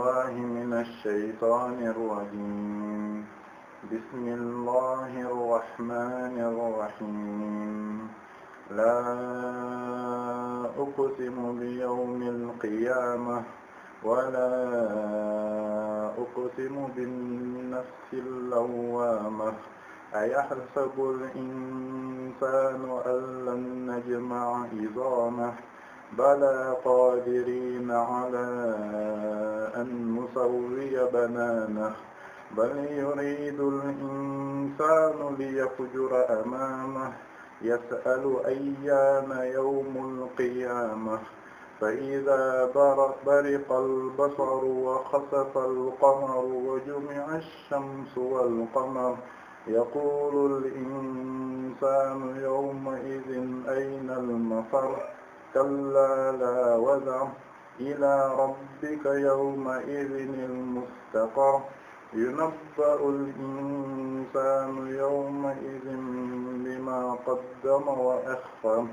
بالله من الشيطان الرجيم بسم الله الرحمن الرحيم لا أقسم بيوم القيامة ولا أقسم بالنفس اللوامة أيحسب الإنسان أن لن نجمع عظامه بلى قادرين على أن نسوي بنانه بل يريد الإنسان ليفجر أمامه يسأل أيان يوم القيامة فإذا برق البصر وخسف القمر وجمع الشمس والقمر يقول الإنسان يومئذ أين المفر كلا لا وزر إلى ربك يومئذ المستقر ينبأ الإنسان يومئذ بما قدم وأخر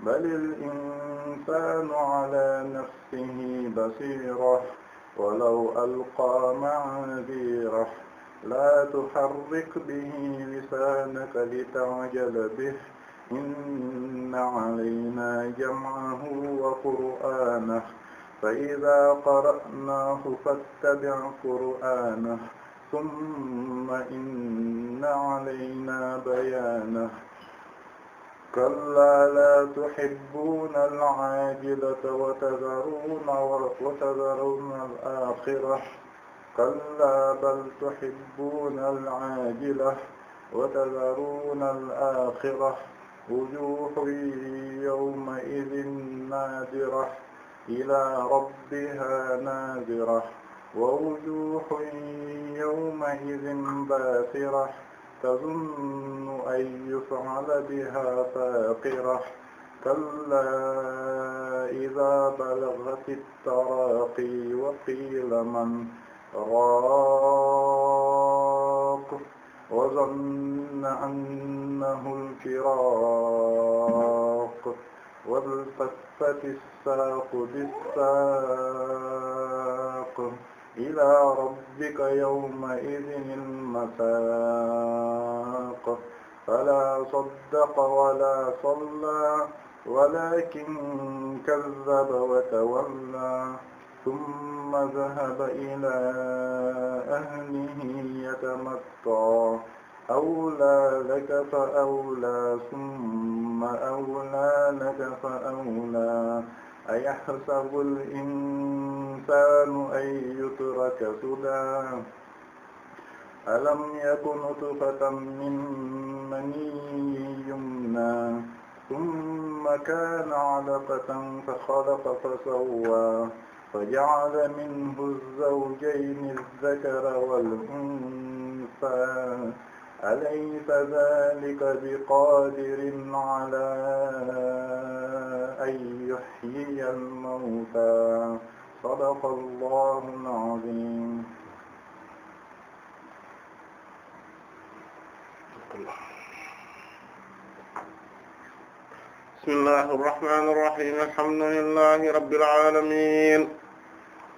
بل الإنسان على نفسه بصيرة ولو ألقى معاذيره لا تحرك به لسانك لتعجل به إن علينا جمعه وقرآنه فإذا قرأناه فاتبع قرآنه ثم إن علينا بيانه كلا لا تحبون العاجلة وتذرون وتذرون الآخرة كلا بل تحبون العاجلة وتذرون الآخرة wujuhun yawma'idhin naadira ilaa rabbihaa naadira wa wujuhun yawma'idhin baasira tazunnu an yuf'ala bihaa faaqira kallaa idhaa balagati t-taraaqi wa qiila man raa وظن أنه الفراق والتفت الساق بالساق إلى ربك يومئذ المساق فلا صدق ولا صلى ولكن كذب وتولى ثم ذهب إلى أهله يتمطى أولى لك فأولى ثم أولى لك فأولى أيحسب الإنسان أن يترك سدى ألم يك نطفة من مني يمنى ثم كان علقة فخلق فسوى فجعل منه الزوجين الذكر والأنثى أليس ذلك بقادر على أن يحيي الموتى صدق الله العظيم بسم الله الرحمن الرحيم الحمد لله رب العالمين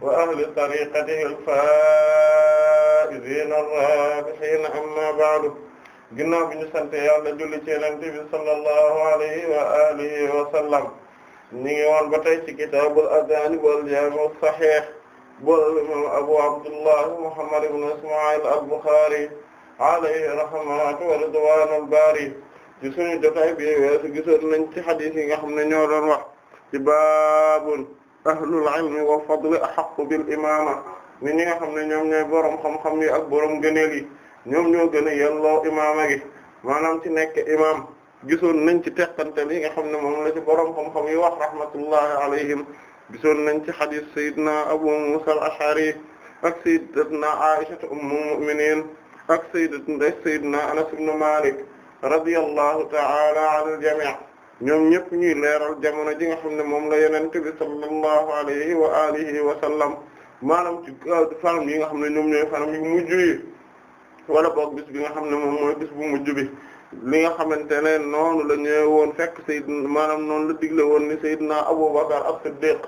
wa ahli tariqatihi al-faa'iziina ar-raabihiina ammaa ba'du ginnaaw bi ñu sant yàlla julli ci Yonent bi sallallahu alayhi wa alihi wa sallam ñu ngi woon ba tey ci kitaabul adaan wal jaami' as-sahiih bu imaam Abu Abdullah Muhammad ibn Isma'il al-Bukhari alayhi rahmatu wa ridwaanul baari ci suñu jotaay bi weesu gisoon nañ ci xadiis yi nga xam ne ñoo doon wax ci baabun ahlul ilmi wa fadli ahaqqu bil imaama ni ñi nga xam ne ñoom ñooy borom xam-xam yi ak borom gëneel yi ñoom ñoo gën a yelloo imaama gi maanaam ci nekke imaam gisoon nañ ci teqante li nga xam ne moom la ci borom xam-xam yi wax rahmatullahi alayhim gisoon nañ ci xadis sayidna abu musa al-ash'ari ak sayyidatna aisha ummu mu'minin ak sayyidatna sayidna anas ibn malik radiyallahu ta'ala anil jami' ñoom ñëpp ñuy leeral jamono ji nga xam ne moom la yonent bi sallallahu alayhi wa alihi wa sallam maanaam ci fanam yi nga xam ne ñoom ñooy fanam yu mujj yi wala boog bis bi nga xam ne moom mooy bis mujj bi li nga xamante ne noonu la ñëwee woon fekk Seydina maanaam noonu la digle woon ni Seydina Abubakar as-Siddiq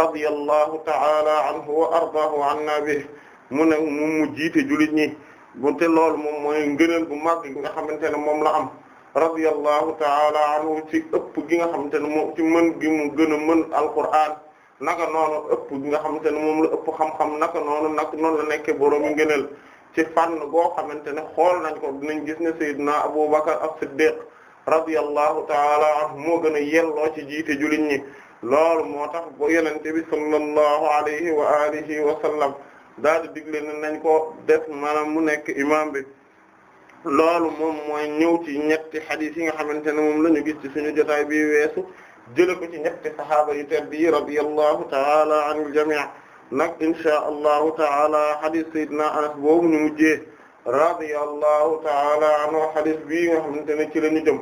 radiyallahu ta'ala anhu wa ardaahu anna bi mu ne mu jiite juli ñi bu te loolu moom mooy ngëneel bu mag yi nga xamante ne moom la am. radiyallahu ta'ala anhu ci ëpp gi nga xamante ne moom ci mën gi mu gën a mën alqur'aan naka noonu ëpp gi nga xamante ne moom la ëpp xam-xam naka noonu nag noonu nekke nekkee borom yu ngëneel ci fànn goo xamante ne xool nañ ko dinañ gis ne Seydina Abubakar as-Siddiq radiyallahu ta'ala anhu moo gën a yelloo ci jiite jullit ñi loolu moo tax ba yenente bi sallallahu alayhi wa alihi wa sallam daal di digle nañ ko def maanaam mu nekk imam bi loolu moom mooy ñëw ci ñetti xadis yi nga xamante ne moom la ñu gis ci suñu jotaay bi weesu jële ko ci ñetti sahaaba yu tedd yi radiyallahu taala anil jamii nag inshaa allahu taala xadis sayyidina anas boobu ñu mujjee radiyallahu taala anhu xadis bi nga xamante ne ci la ñu jëm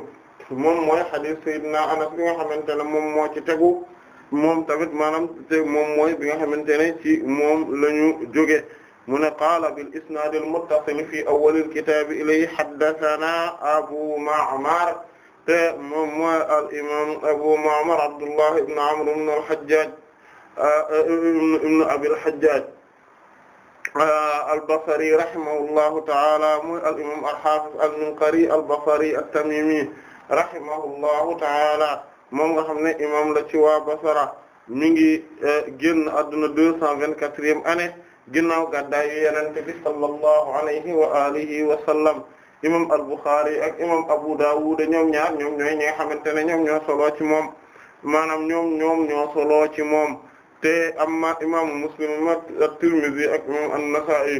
moom mooy xadis sayyidina anas bi nga xamante ne moom moo ci tegu moom tamit maanaam te moom mooy bi nga xamante ne ci moom la ñu jóge mu ne qaala bil isnaad al muttasil fi awwal al kitaab ilayhi haddathanaa Abu Ma'mar te moom mooy al imaam Abu Ma'mar Abdullah ibn Amr ibn al Hajjaj ibn Abi al Hajjaj al Basri rahimahullahu ta'ala mooy al imaam al haafiz al Munqari al Basri at Tamimi rahimahullahu ta'ala moom nga xam ne imaam la ci waa Basra mi ngi génn àdduna 224e année. ginnaaw gàddaayu yenente bi sallallahu alayhi wa alihi wa sallam imam al-Bukhari ak imam Abu Dawud ñoom ñaar ñoom ñooy ñi nga xamante ne ñoom ñoo soloo ci moom maanaam ñoom ñoom ñoo soloo ci moom te amma imaamu Muslim at-Tirmidhi ak imam an-Nasa'i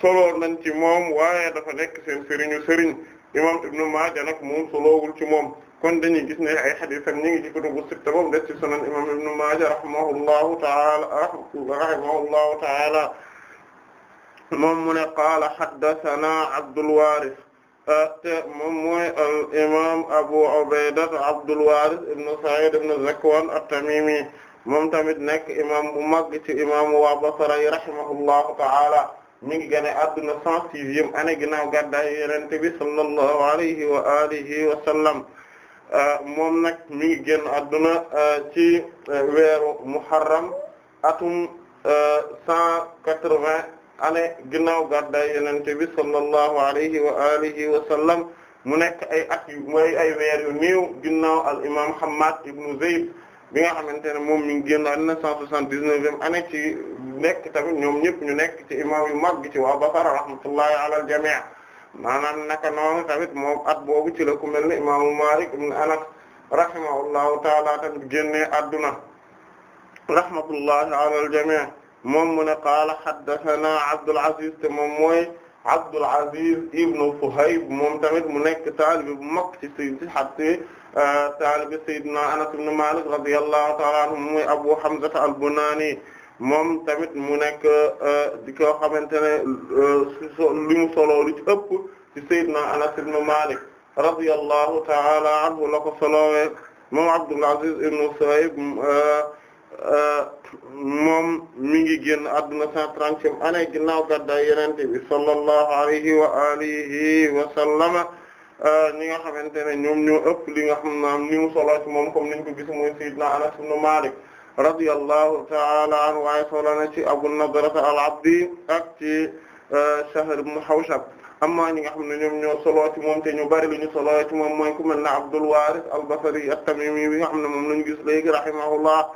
soloo nañ ci moom waaye dafa nekk seen sëriñu sëriñ imam Ibn Maaja nag moom soloowul ci moom kon dañuy gis ne ay xadiisam ñi ngi ci kutubu sitta boobu des ci sunan imam ibnu maaja rahimahullahu taala rahimahullahu mu ne qaala haddasanaa abdul waaris te moom mooy al imam abu ubayda abdul waaris ibnu sa'iid ibnu nekk imam bu mag ci imam waa basra yi rahimahullahu taala mi ngi gane adduna cent sixième année ginnaaw gàddaay yonent bi sallallahu alayhi wa alihi wa sallam moom nag mi ngi génn adduna euh, ci euh, weeru muharram atum euh, cent quatre-vingts année ginnaaw gàddaay yonent bi sallallahu alayhi wa alihi wa sallam mu nekk ay at yu mooy ay weer yu néew ginnaaw al imam Hammad ibn Zayd bi nga xamante ne moom mi ngi génn adduna cent soixante-dix-neuvième année ci nekk tamit ñoom ñëpp ñu nekk ci imam yu mag ci waa Basra rahmatullahi ala al jami' maanaam naka noonu tamit moom at boobu ci la ku mel ne imaamu Malik ibn Anas rahimahullahu taala tamit génnee adduna rahmatullahi ala al-jamii moom mu ne qaala haddathana Abdul Aziz te moom mooy Abdul Aziz ibn Suhayb moom tamit mu nekk taalibe bu mag ci si si xattee uh, taalibe Seydina Anas ibn Malik radiyallahu taala anhu mooy Abu Hamza al-Bunani moom tamit mu nekk euh, di ko xamante ne euh, li mu solo lu ci ëpp ci Seydina Anas ibn Malik radiyallahu ta'ala anhu la ko solowee moom Abdul Aziz ibn Suhayb euh, moom mi ngi génn àdduna cent trentième année ginnaaw gàddaay yenente bi sallallahu alayhi wa alihi wa sallama ñi nga xamante ne ñoom ñoo ëpp li nga xam naam ni mu solo moom comme niñ ko gis mooy Seydina Anas ibn Malik radiyallahu ta'ala anhu waaye solo na ci Abu Nadrata al-Abdi ak ci e, Shahr ibn Hawshab amma ñi nga xam ne ñoom ñoo solo ci moom te ñu bari lu ñu solo ci moom mooy ku mel ne Abdul Waaris al-Basri at-Tamimi bi nga xam ne moom lañu gis léegi rahimahullah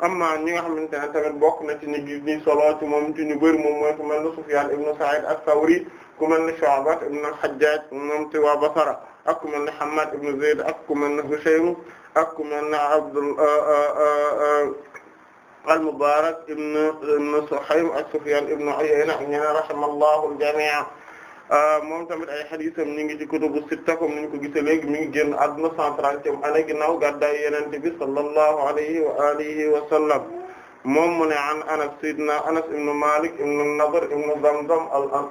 amma ñi nga xamante ne tamit bokk na ci ñi gis ñi solo ci moom ci ñu bari moom mooy ku mel ne Sufyaan ibn Sa'id as-Sawri ku mel ne Shu'ba ibn al-Hajjaj moom ci waa Basra ak ku mel ne Hammad ibn Zayd ak ku mel ne Hushaym ak ku mel ne Abdul euh, euh, euh, al-Mubarak ibn ibn Suhaym ak Sufyan ibn Uyayna ñeneen rahimallahu al-jami' moom tamit ay hadiisam ñu ngi ci kutubu sitta comme niñ ko gisee léegi mi ngi génn àdduna 130e année ginnaaw gàddaay Yonent bi sallallahu alayhi wa alihi wa sallam moom mu ne an Anas sayyidina Anas ibn Malik ibn an-Nadr ibn Zamzam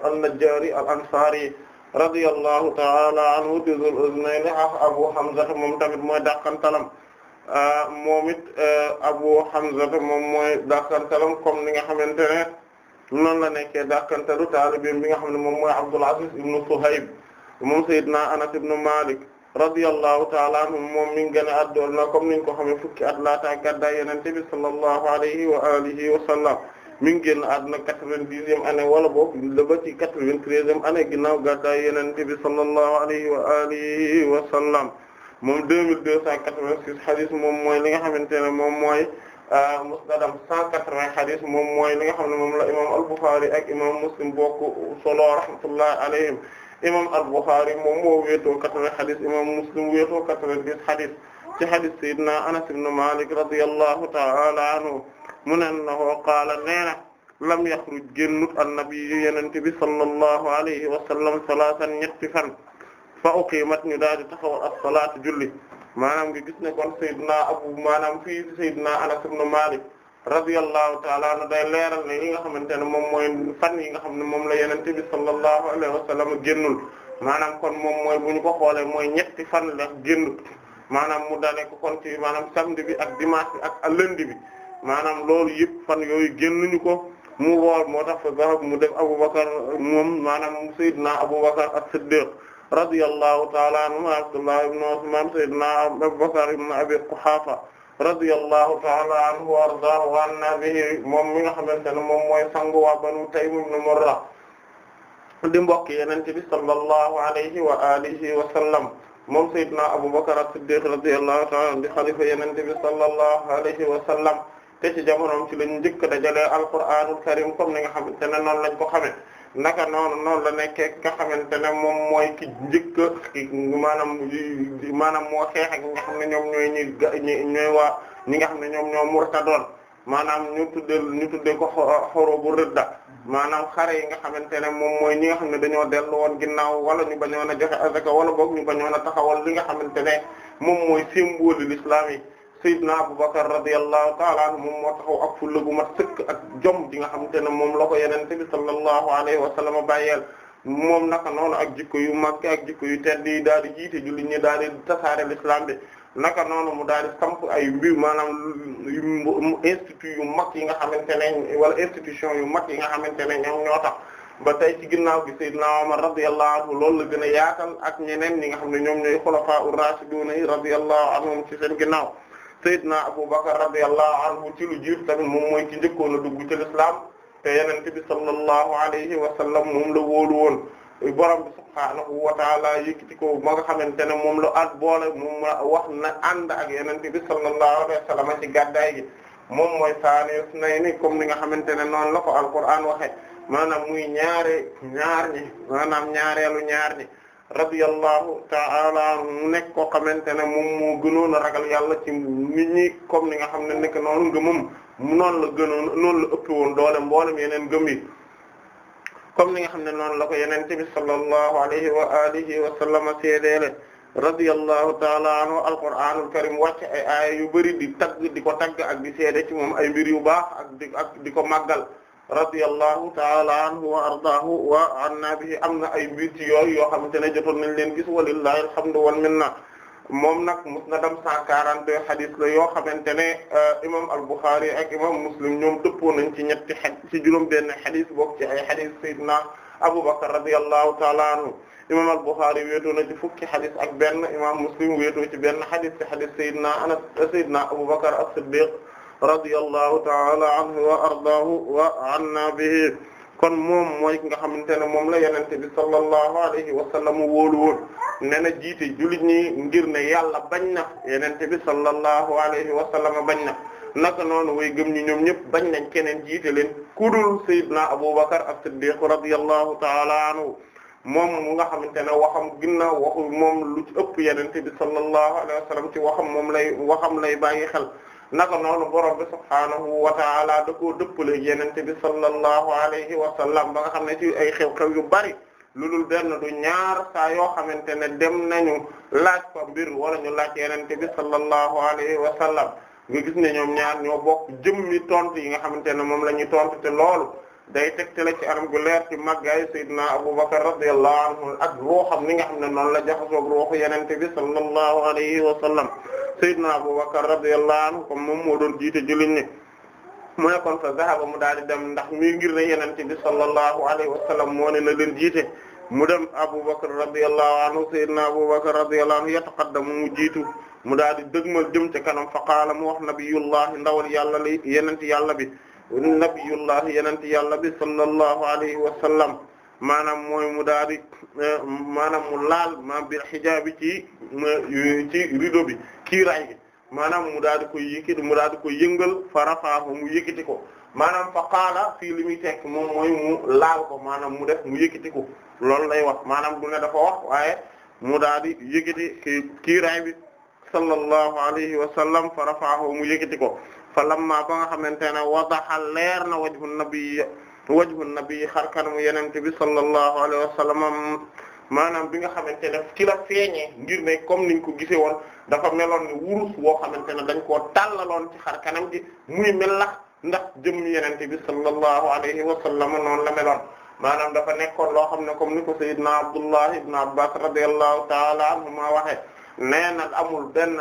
al-Najjari al-Ansari radiyallahu ta'ala anhu di Zul Uznayni ak ah, Abu Hamza moom tamit mooy dàqantalam ah, moom it ah, Abu Hamza moom mooy dàqantalam comme ni nga xamante ne noonu la nekkee dàqantalu taalibeem bi nga xam ne moom mooy Abdul Aziz ibn Suhayb moom Seydina Anas ibn Malik radiyallahu ta'ala anhu moom mi ngi gën a addoon na comme niñ ko xamee fukki at laata gàddaay Yonent bi sallallahu alayhi wa alihi wa sallam mi génn àdduna quatre vingt année wala boog la ba ci quatre-vingt-treizième année ginnaaw gàddaay Yonent bi sallallahu alayhi wa alihi moom deux mille deux cent quatre-vingt-six hadith moom mooy li nga xamante ne moom mooy euh, musnadam cent quatre-vingts hadith moom mooy li nga xam ne moom la imam al-Bukhari ak imam Muslim bokk solo rahmatullahi alayhim imam al-Bukhari moom moo wéetoo quatre-vingts hadith imam Muslim wéetoo quatre-vingt-dix hadith ci hadith sayyidina Anas ibn Malik radiyallahu ta'ala anhu mu ne annahu qaala nee na lam yaxruj génnut annabiyu yenente bi sallallahu alayhi wa sallam salaatan ñetti fan fa uqimat ñu daal di taxawal as-salaat julli maanaam nga gis ne kon sayyidina abu maanaam fii sayyidina anas ibn malik radiyallahu taala anhu day leeral ne li nga xamante ne moom mooy fan yi nga xam ne moom la yenente bi sallallahu alayhi wa sallam génnul maanaam kon moom mooy bu ñu ko xoolee mooy ñetti fan la génnut maanaam mu dale ko kon ci bi ak dimanche bi ak lundi bi maanaam loolu yëpp fan yooyu génnuñu ko mu woor moo tax fa zahab mu dem Abubakar moom maanaam Seydina Abubakar as-Siddiq radiyallahu ta'ala anhu Abdullah ibn Usman Seydina Abubakar ibn Abi ta'ala wa ardaahu wa anna bihi moom mi nga xamante ne moom mooy sangu waa Banu Taym ibn Murra di mbokk Yonent bi sallallahu alayhi wa alihi wa sallam moom Seydina Abubakar as-Siddiq radiyallahu ta'ala anhu di xalifa Yonent bi sallallahu alayhi wa sallam te ci jamonoom ci lañu njëkk dajalee alquraanul karim comme ni nga xamante ne noonu lañ ko xamee naka noonu noonu la nekkee ki nga xamante ne moom mooy ki njëkk maanaam maanaam moo xeex ak nga xam ne ñoom ñooy ñi ñi waa ñi nga xam ne ñoom ñoo murtadoon maanaam ñu tudde ñu tuddee ko xoro bu rëdda maanaam xare yi nga xamante ne moom mooy ñi nga xam ne dañoo dellu woon ginnaaw wala ñu bañoon a joxe azaka wala boog ñu bañoon a taxawal li nga xamante ne moom mooy symbole l'islam yi Seydina Abubakar radiyallahu ta'ala anhu moom moo taxaw ak fulla gu mat sëkk ak jom di nga xam ne moom la ko Yonent bi sallallahu alayhi wa sallam bàyyeel moom naka noonu ak jikko yu mag ak jikko yu tedd yi daal di jiite jullit ñi daal di tasaare l'islam bi naka noonu mu daal di samp ay mbir maanaam institut yu mag yi nga xam ne wala institution yu mag yi nga xamante ne ñoom ñoo tax ba tey ci ginnaaw gi Seydina Omar radiyallahu anhu loolu la gën a ak ñeneen ñi nga xam ne ñoom ñooy xulafaa ur-raashidun radiyallahu anhum ci seen ginnaaw Seydina Abubakar radiyallahu anhu ci lu jiir tamit moom mooy ci njëkkoon a dugg ci l'islam te yenente bi sallallahu alayhi wa sallam moom la wóolu woon borom bi subhaanahu wa taala yëkkati ko ba nga xamante ne moom la at boole moom wax na ànd ak yenente bi sallallahu alayhi wa sallam ci gàddaay gi moom mooy saani usnayni comme ni nga xamante ne noonu la ko alquran waxe maanaam muy ñaare ñaar ñi maanaam ñaareelu ñaar ñi radiyallahu ta'ala anhu mu nekk koo xamante ne moom moo gënoon a ragal yàlla ci nit ñi comme ni nga xam ne nekk noonu ngëmam mu noonu la gënoon noonu la ëpp woon doole mboolem yeneen gëm yi comme ni nga xam ne noonu la ko yeneen bi sallallahu alayhi wa alihi wa sallam seedeele radiyallahu ta'ala anhu alqur'anul karim wàcc ay aaya yu bari di tagg di ko tagg ak di seede ci moom ay mbir yu baax ak di ak di ko màggal radiyallahu ta'ala anhu wa ardaahu wa anna bihi am na ay mbir ci yooyu yoo xamante ne jotoon nañ leen gis walillahi alhamdu wal minna moom nag musnadam 142 hadith la yoo xamante ne euh, imam al-Bukhari ak imam Muslim ñoom dëppoo nañ ci ñetti xad ci juróom-benn hadith bokk ci ay hadith sayyidina Abu Bakr radiyallahu ta'ala anhu imam al-Bukhari wéetoo na ci fukki hadith ak benn imam Muslim wéetoo ci benn hadith ci hadith sayyidina Anas sayyidina Abu Bakr as-Siddiq radiyallahu ta'ala anhu wa ardaahu wa anna bihi kon moom mooy ki nga xamante ne moom la yenente bi sallallahu alayhi wa sallam wóolu woon ne na jiite jullit ñi ngir ne yàlla bañ na yenente bi sallallahu alayhi wa sallam bañ na naka noon way gëm ñi ñoom ñëpp bañ nañ keneen jiite leen ku kudul sayyidna abubakar as-siddiq radiyallahu ta'ala anhu moom mu nga xamante ne waxam ginnaaw waxu moom lu ci ëpp yenente bi sallallahu alayhi wa sallam ci waxam moom lay waxam lay bàyyi xel naka noonu borom bi subhaanahu wa ta'ala da koo dëppale yenente bi sallallahu alayhi wa sallam ba nga xam ne ci ay xew-xew yu bari lu dul benn du ñaar saa yoo xamante ne dem nañu laaj ko mbir wala ñu laaj yenente bi sallallahu alayhi wa sallam nga gis ne ñoom ñaar ñoo bokk jëmmi tontu yi nga xamante ne moom la ñuy tontu te loolu day tegtale ci anam gu leer ci màggaayu sayyidina Abubakar radiyallahu anhu ak ruuxam ni nga xam ne noonu la jaxasoog ruuxu yenente bi sallallahu alayhi wa sallam sayyidina Abubakar radiyallahu anhu comme moom moo doon jiite julin ni mu ne kon fa zahaba mu daal di dem ndax mi ngir ne yenente bi sallallahu alayhi wa sallam moo ne na leen jiite mu dem Abubakar radiyallahu anhu sayyidina Abubakar radiyallahu anhu yataqaddamu mu jiitu mu daal di dëgmal jëm ci kanam fa qaala mu wax nabiyullahi ndawal yàlla li yenente yàlla bi nabiyullah yenente yàlla bi sallallahu alayhi wa sallam maanaam mooy mu daal di maanaam mu laal maam bi xijaabi ci ci rideau bi kiiraay bi maanaam mu daal di koy yëkkati mu daal di yëngal fa mu yëkkati ko maanaam fa qaala fii li muy tekk moom mu laal ko maanaam mu def mu yëkkati ko loolu lay wax maanaam du ne dafa wax waaye mu daal di yëkkati kiiraay bi sallallahu alayhi wa sallam fa rafaahu mu yëkkati ko fa lamma ba nga xamante ne wadaxa leer na wajhu nabi wajhu nabi xar kanamu yenente bi sallallahu alayhi wa sallam maanaam bi nga xamante ne ci la feeñee ngir ne comme niñ ko gisee woon dafa meloon ne wurus woo xamante ne dañ koo tàllaloon ci xar kanam gi muy melax ndax jëm yenente bi sallallahu alayhi wa sallam noonu la meloon maanaam dafa nekkoon loo xam ne comme ni ko sayyidna Abdullah ibn Abbas radiyallahu ta'ala anhuma waxee nee na amul benn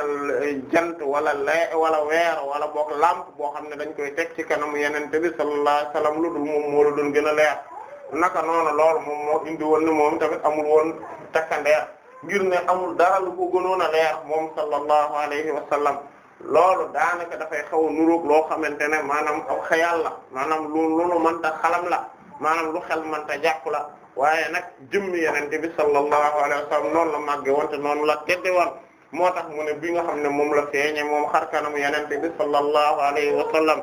jant wala lee wala weer wala boog lampe boo xam ne dañ koy teg ci kanamu yenente bi sallallahu alayhi wasallam lu dul moom moo la doon gën a naka noonu lool moom moo indi woon ne moom tamit amul woon takkandeer ngir ne amul daal lu ko gënoon a leer moom sallallahu alayhi wa sallam loolu daanaka dafay xaw a nuróog loo xamante ne maanaam aw la maanaam lu lu nu xalam la maanaam lu xel mënta jàpp la waaye nag jëmm yenente bi sallallahu alayhi wa sallam la màgge wante noonu la tedde woon moo tax mu ne bi xam ne moom la feeñe moom xarkanamu yenente bi sallallahu alayhi wa sallam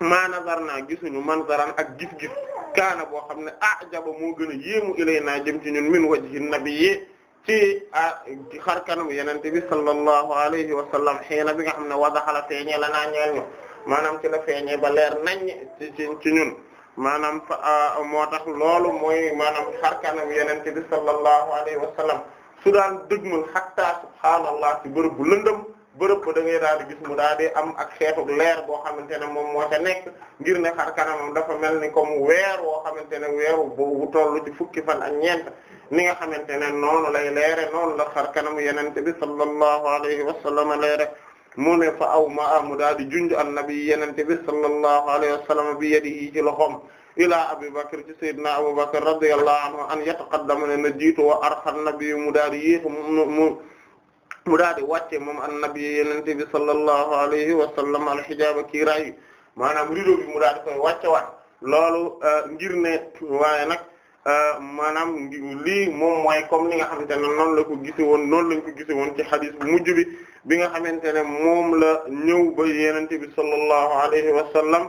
maa nazar naa gisuñu man manzaran ak gis-gis kaana boo xam ne ah mu moo gën a yéemu ilay naa jëm ci ñun min wajhi nabiyyi ci ah xarkanamu yenente bi sallallahu alayhi wa sallam xiina bi nga xam ne wadaxala feeñe la naa ñeel ñu maanaam ci la feeñe ba leer nañ ci ci ñun maanaam ah, moo tax loolu mooy maanaam xar kanam yenente bi sallallahu alayhi wa sallam su daan dëgmal xatta subhaanallah bërëb bu lëndëm bërëb ba da ngay daal di gis mu daal di am ak xeetu leer boo xamante ne moom moo ca nekk ngir ne xar kanamam dafa mel ni comme weer woo xamante ne weeru bu tollu di fukki fan ak ñeent ni nga xamante ne noonu lay leere noonu la xar kanamu yenente bi sallallahu alayhi wa sallam leere mu ne fa aw ma amu daal di junj annabi yenente bi sallallahu alayhi wa sallam bi yadihi ci loxoom ilaa abi bakr ci sayyidina abu bakr radiyallahu anhu an yataqaddama ne na jiitu wa arxa nabi mu daal di yéex mu mu daal di wàcce moom annabi yenente bi sallallahu alayhi wa sallam alxijaaba kiiraay yi maanaam rido bi mu daal di koy wàcce waat loolu euh, ngir ne waaye nag euh, maanaam lii moom mooy comme ni nga xamante ne noonu la ko gise woon noonu lañ ko ci xadis bu mujj bi bi nga xamante ne moom la ñëw ba yenente bi sallallahu alayhi wa sallam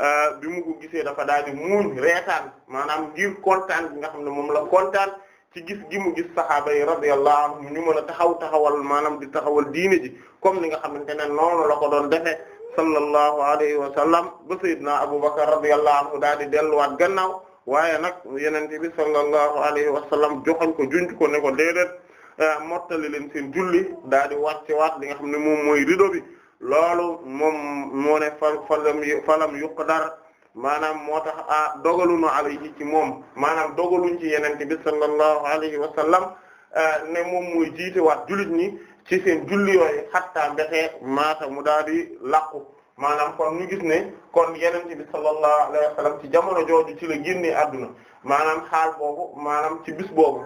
euh, bi mu ko gisee dafa daal di muuñ reetaan maanaam giir kontaan bi nga xam ne moom la koltaan ci gis gi mu gis sahaaba yi radiyallahu anhum ñu mën a taxaw taxawal maanaam di taxawal diine ji comme ni nga xamante ne noonu la ko doon defee sallallahu alayhi wa sallam ba sayyidina Abubakar radiyallahu anhu daal di delluwaat gannaaw waaye nag yenente bi sallallahu alayhi wa sallam joxoñ ko junj ko ne ko déedéet Euh, mottali leen seen julli daal di wàcce waat li nga xam ne moom mooy rido bi loolu moom moo ne fa falam falam yuqdar maanaam moo tax a ah, dogalunu alayhi ci moom maanaam dogaluñ ci yenente bi sallallahu alayhi wa sallam euh, ne moom mooy jiite waat jullit ñi ci seen julli yooyu xatta mbexee maata mu daal di làqu maanaam kon ñu gis ne kon yenente bi sallallahu alayhi wa ci jamono jooju ci la génnee adduna maanaam xaal boobu maanaam ci bis boobu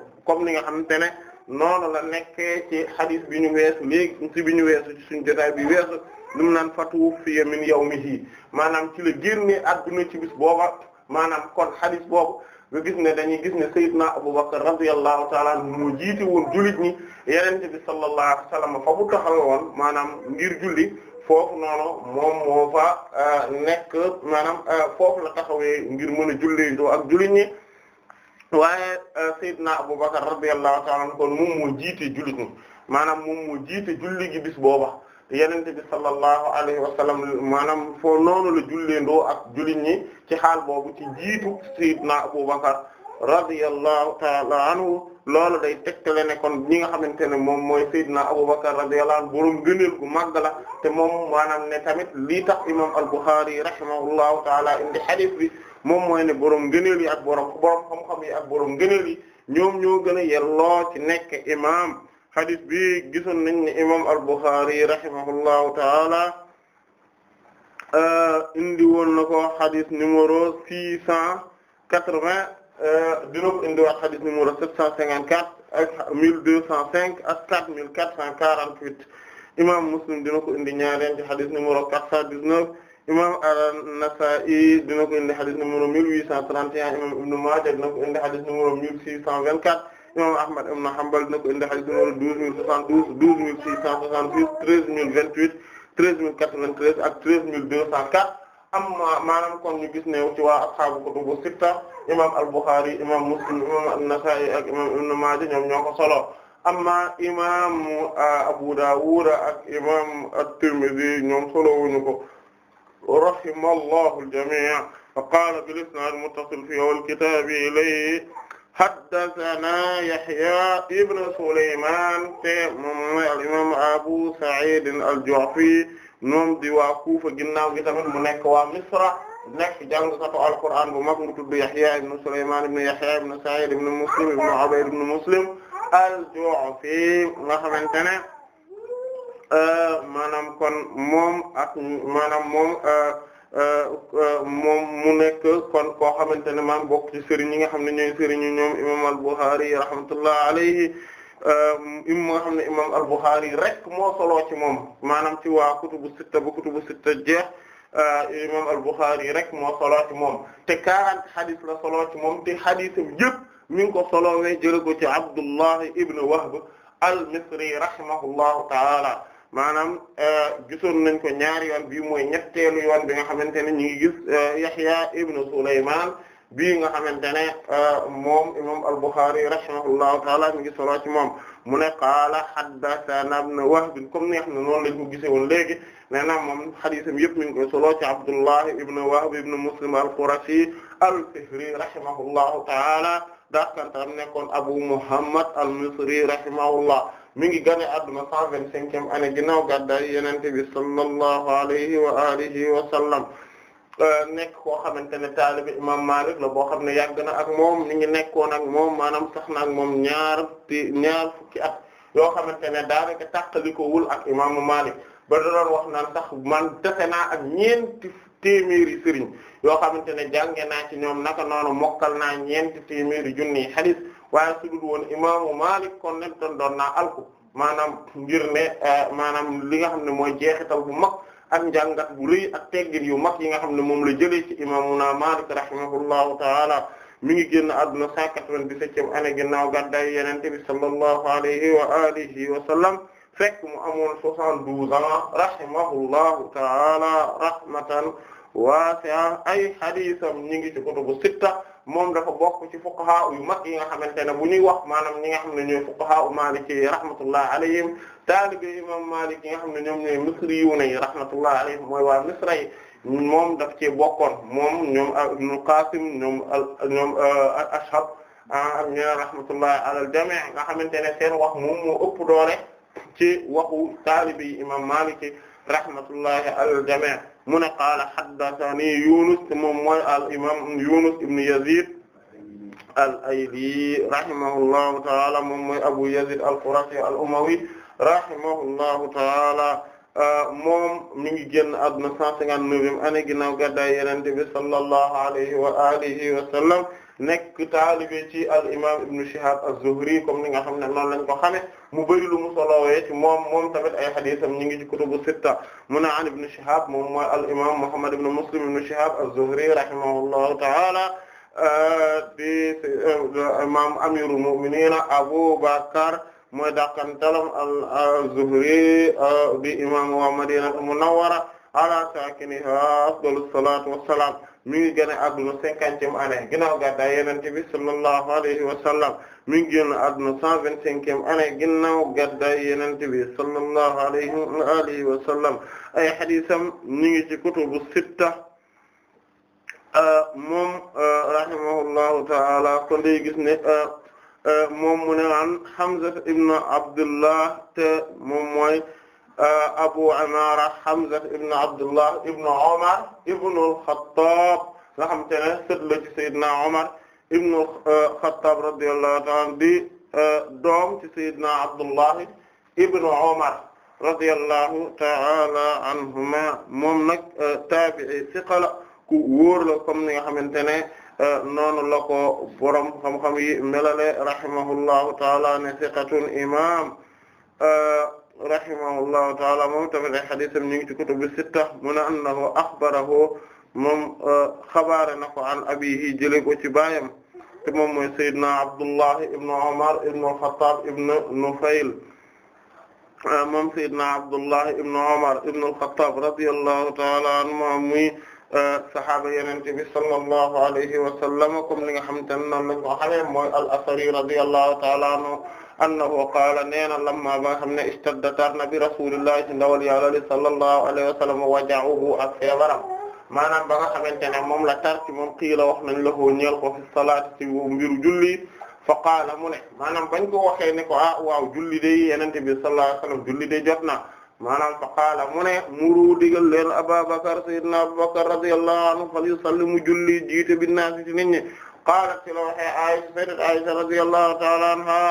ni nga xamante ne noonu la nekkee ci xadis bi ñu weesu léegi ci bi ñu weesu ci suñu bi weesu lu mu naan fatu fiya min yawmihi maanaam ci la ni adduna ci bis booba maanaam kon xadis boobu nga gis ne dañuy gis ne sayyidna Abubakar radiyallahu ta'ala anhu mu jiiti woon julit ñi yenente bi sallallahu alayhi wa sallam fa mu taxawe woon maanaam ngir julli foofu noonu moom moo fa euh, nekk maanaam euh, foofu la taxawee ngir mën a julli doo ak jullit ñi waaye euh, Seydina Abubakar radiyallahu ta'ala anhu kon moom moo jiite jullit ñi maanaam moom moo jiite julli gi bis booba yenente bi sallallahu alayhi wa sallam maanaam foo noonu la ak jullit ñi ci xaal boobu ci jiitu Seydina Abubakar radiyallahu ta'ala anhu loolu day tegtale ne kon ñi nga xamante ne moom mooy Seydina Abubakar radiyallahu anhu borom gëneel gu màgg la te moom maanaam ne tamit lii tax imam al-Bukhari rahimahullahu ta'ala indi hadith bi moom mooy ne borom ngëneel yi ak borom borom xam-xam yi ak borom ngëneel yi ñoom ñoo gën a yelloo ci nekk imaam hadith bi gisoon nañ ne imaam al-Bukhari rahimahullahu taala uh, indi woon na ko hadith numéro six cent quatre-vingts uh, dina ko indi waat hadith numéro sept cent cinquante-quatre ak mille deux cent cinq quatre mille quatre cent quarante-huit imaam Muslim dina ko indi ñaareel ci hadith numéro quatre cent dix imam an-Nasa'i dina ko indi hadith numéro 1831 imam Ibn Maaja dina ko indi hadith numéro 1624 imam Ahmad ibn Hanbal dina ko indi hadith numéro 12072 12666 13028 13093 ak 13204 amma maanaam kon ñu gis ne ci waa ashaabu kutubu sitta imam al-Bukhari imam Muslim imam an-Nasa'i ak imam Ibn Maaja ñoom ñoo ko solo amma imam euh, Abu Dawud ak imam at-Tirmidhi ñoom solo wuñu ko rahima allahu aljamii fa qaala bil isnaad muttasil fi awwal kitaabi ilayhi haddasanaa Yahyaa ibn Sulaymaan te moom mooy al imaam Abu Sa'iid al-Ju'fi moom di waa Kuufa ginnaaw gi tamit mu nekk waa Misra nekk jàngkatu Alqur'aan bu mag mu tudd Yahyaa ibn Sulaymaan ibn Yahyaa ibn Sa'iid ibn Muslim ibn Ubayd ibn Muslim al-Ju'fi nga xamante ne. Euh, maanaam kon moom ak maanaam moom euh, euh, moom mu nekk kon koo xamante ne maam bokk ci sëriñ yi nga xam ne ñooy sëriñu ñoom imam al-Bukhari rahmatullah alayhi im nga xam ne imam al-Bukhari rek moo soloo ci moom maanaam ci waa kutubu sitta ba kutubu sitta jeex imam al-Bukhari rek moo soloo ci moom te 40 hadith la soloo ci moom te haditham yëpp mi ngi ko solowee jële ko ci Abdullah ibn Wahb al-Misri rahimahullahu ta'ala maanaam euh, gisoon nañ ko ñaari yoon bii mooy ñetteelu yoon bi nga xamante ne ñu ngi gis euh, Yahya ibnu Sulaymaan bii nga xamante ne euh, moom imam al-Bukhari rahimahullahu taala mi ngi solo ci moom mu ne qaala haddathana ibn Wahb comme ni nga xam ne noonu lañ ko gisee woon léegi nee na moom xadisam yëpp mi ngi koy solo ci Abdullah ibn Wahb ibn Muslim al-Qurashi al-Fihri rahimahullahu taala daakantaam nekkoon Abu Muhammad al-Misri rahimahullah mi ngi gane adduna cent vingt-cinquième année ginnaaw gàddaay Yonent bi sallallahu alayhi wa alihi wa sallam euh, nekk ko xamante ne taalibi imam Malik la boo xam ne yàgg ak moom mi ngi nekkoon ak moom maanaam sax na ak moom ñaar ti ñaar fukki at yoo xamante ne daanaka tàqalikoowul ak imaamu Malik ba doon wax naan sax man tase naa ak ñeenti téeméeri sëriñ yoo xamante ne jànge naa ci ñoom naka noonu mokkal naa ñeenti téeméeri junni hadith waaye su dul imaamu Maalik kon nag doon naa alku maanaam ngir ne eh, maanaam li nga xam ne mooy jeexital bu mag ak njàngat bu rëy ak teggin yu mag yi nga xam ne moom la jëlee ci imaamuna Maalik rahimahullahu taala mi ngi génn àdduna 197e année ginnaaw gàddaay Yonent bi sallallahu alayhi wa alihi wa sallam fekk mu amoon 72 ans rahimahullahu taala rahmatan waasi'a ay hadiisam ñi ngi ci kutubu sitta moom dafa bokk ci fuqaha yu mag yi nga xamante ne bu ñuy wax maanaam ñi nga xam ne ñooy fuqaha u maliki rahmatullah alayhim taalibe imam Malik yi nga xam ne ñoom ñooy misri yu nay rahmatullah alayhim mooy waa misra yi moom daf cee bokkoon moom ñoom ibnul Qasim ñoom ñoom euh, Ashhab am ah, ña rahmatullah alal jami' nga xamante ne seen wax moom moo ëpp doole ci waxu taalibe yi imam Malik rahmatullah alal jami' mu ne qaala haddathani Yunus te moom mooy al imam Yunus ibn Yazid al Ayli rahimahullahu taala moom mooy Abu Yazid al Qurashi al Umawi rahimahullahu taala moom mi ngi génn àdduna 159e année ginnaaw gàddaay Yonent bi sallallahu alayhi wa alihi wa sallam nekk taalibe ci al imam ibnu Shihab az-Zuhri comme ni nga xam ne noonu lañ ko xame mu bëri lu mu solowee ci moom moom tamit ay xadiisam ñu ngi ci kutubu sitta mu ne an ibnu Shihab moom mooy al imam Muhammad ibnu Muslim ibnu Shihab az-Zuhri rahimahullahu ta'ala di eh, imam amirul mu'minin Abu Bakar mooy dàqantalam az-Zuhri eh, di imam wa Madinatul Munawwara ala saakiniha afdalu salaatu wassalaam mi ngi génn adduna cinquantième année ginnaaw gàddaay yenente bi sallallahu alayhi wa sallam mi ngi génn adduna cent vingt cinquième année ginnaaw gàddaay yenente bi sallallahu alayhi wa alihi wa sallam ay hadisam ñi ngi ci kutubu sitta euh, moom euh, rahimahullahu ta'ala kon day gis ne euh, moom mu ne an Hamza ibn Abdullah te moom mooy Abu Amara Hamza ibn Abdullah ibn Omar ibn al-Khattab nga xamante ne sët la ci Seydina Omar ibn al-Khattab radiyallahu ta'ala di doom ci Seydina Abdullah ibn Omar radiyallahu ta'ala anhuma moom nag taabi'i siqa la ku wóor la comme ni nga xamante ne noonu la ko borom xam-xam yi melale rahimahullahu ta'ala ne siqatun imaam. rahimahullahu taala moom tamit ay xadisam ñu ngi ci kutubu sitta mu ne annahu axbarahu moom euh, xabaare na ko an abihi jëlee ko ci baayam te moom mooy Seydina Abdullah ibn Umar ibn al-Khattab ibn Nufayl euh, moom Seydina Abdullah ibn Umar ibn al-Khattab radiyallahu taala anhuma muy euh, saxaaba Yonent bi sallallahu alayhi wa sallam comme ni nga xamante ne noonu lañ ko xamee mooy al-Asari radiyallahu taala anhu annahu qaala nee na lamma ba nga xam ne istadda tar na bi rasulillahi si ndawal yàlla li sallallahu alayhi wa sallam waja'uhu ak feebaram maanaam ba nga xamante ne moom la tar ci moom xiila wax nañ la ko ñeel ko fi salaat ci mbiru julli fa qaala mu ne maanaam bañ ko waxee ne ko ah waaw julli day yonent bi sallallahu alayhi wa sallam julli day jot na maanaam fa qaala mu ne muru digal leen Abubakar sayyidina Abubakar radiyallahu anhu fal yusalli mu julli jiite bi naasi ci nit ñi qaalat ci la waxee Aysa sayyidat Aysa radiyallahu ta'ala anha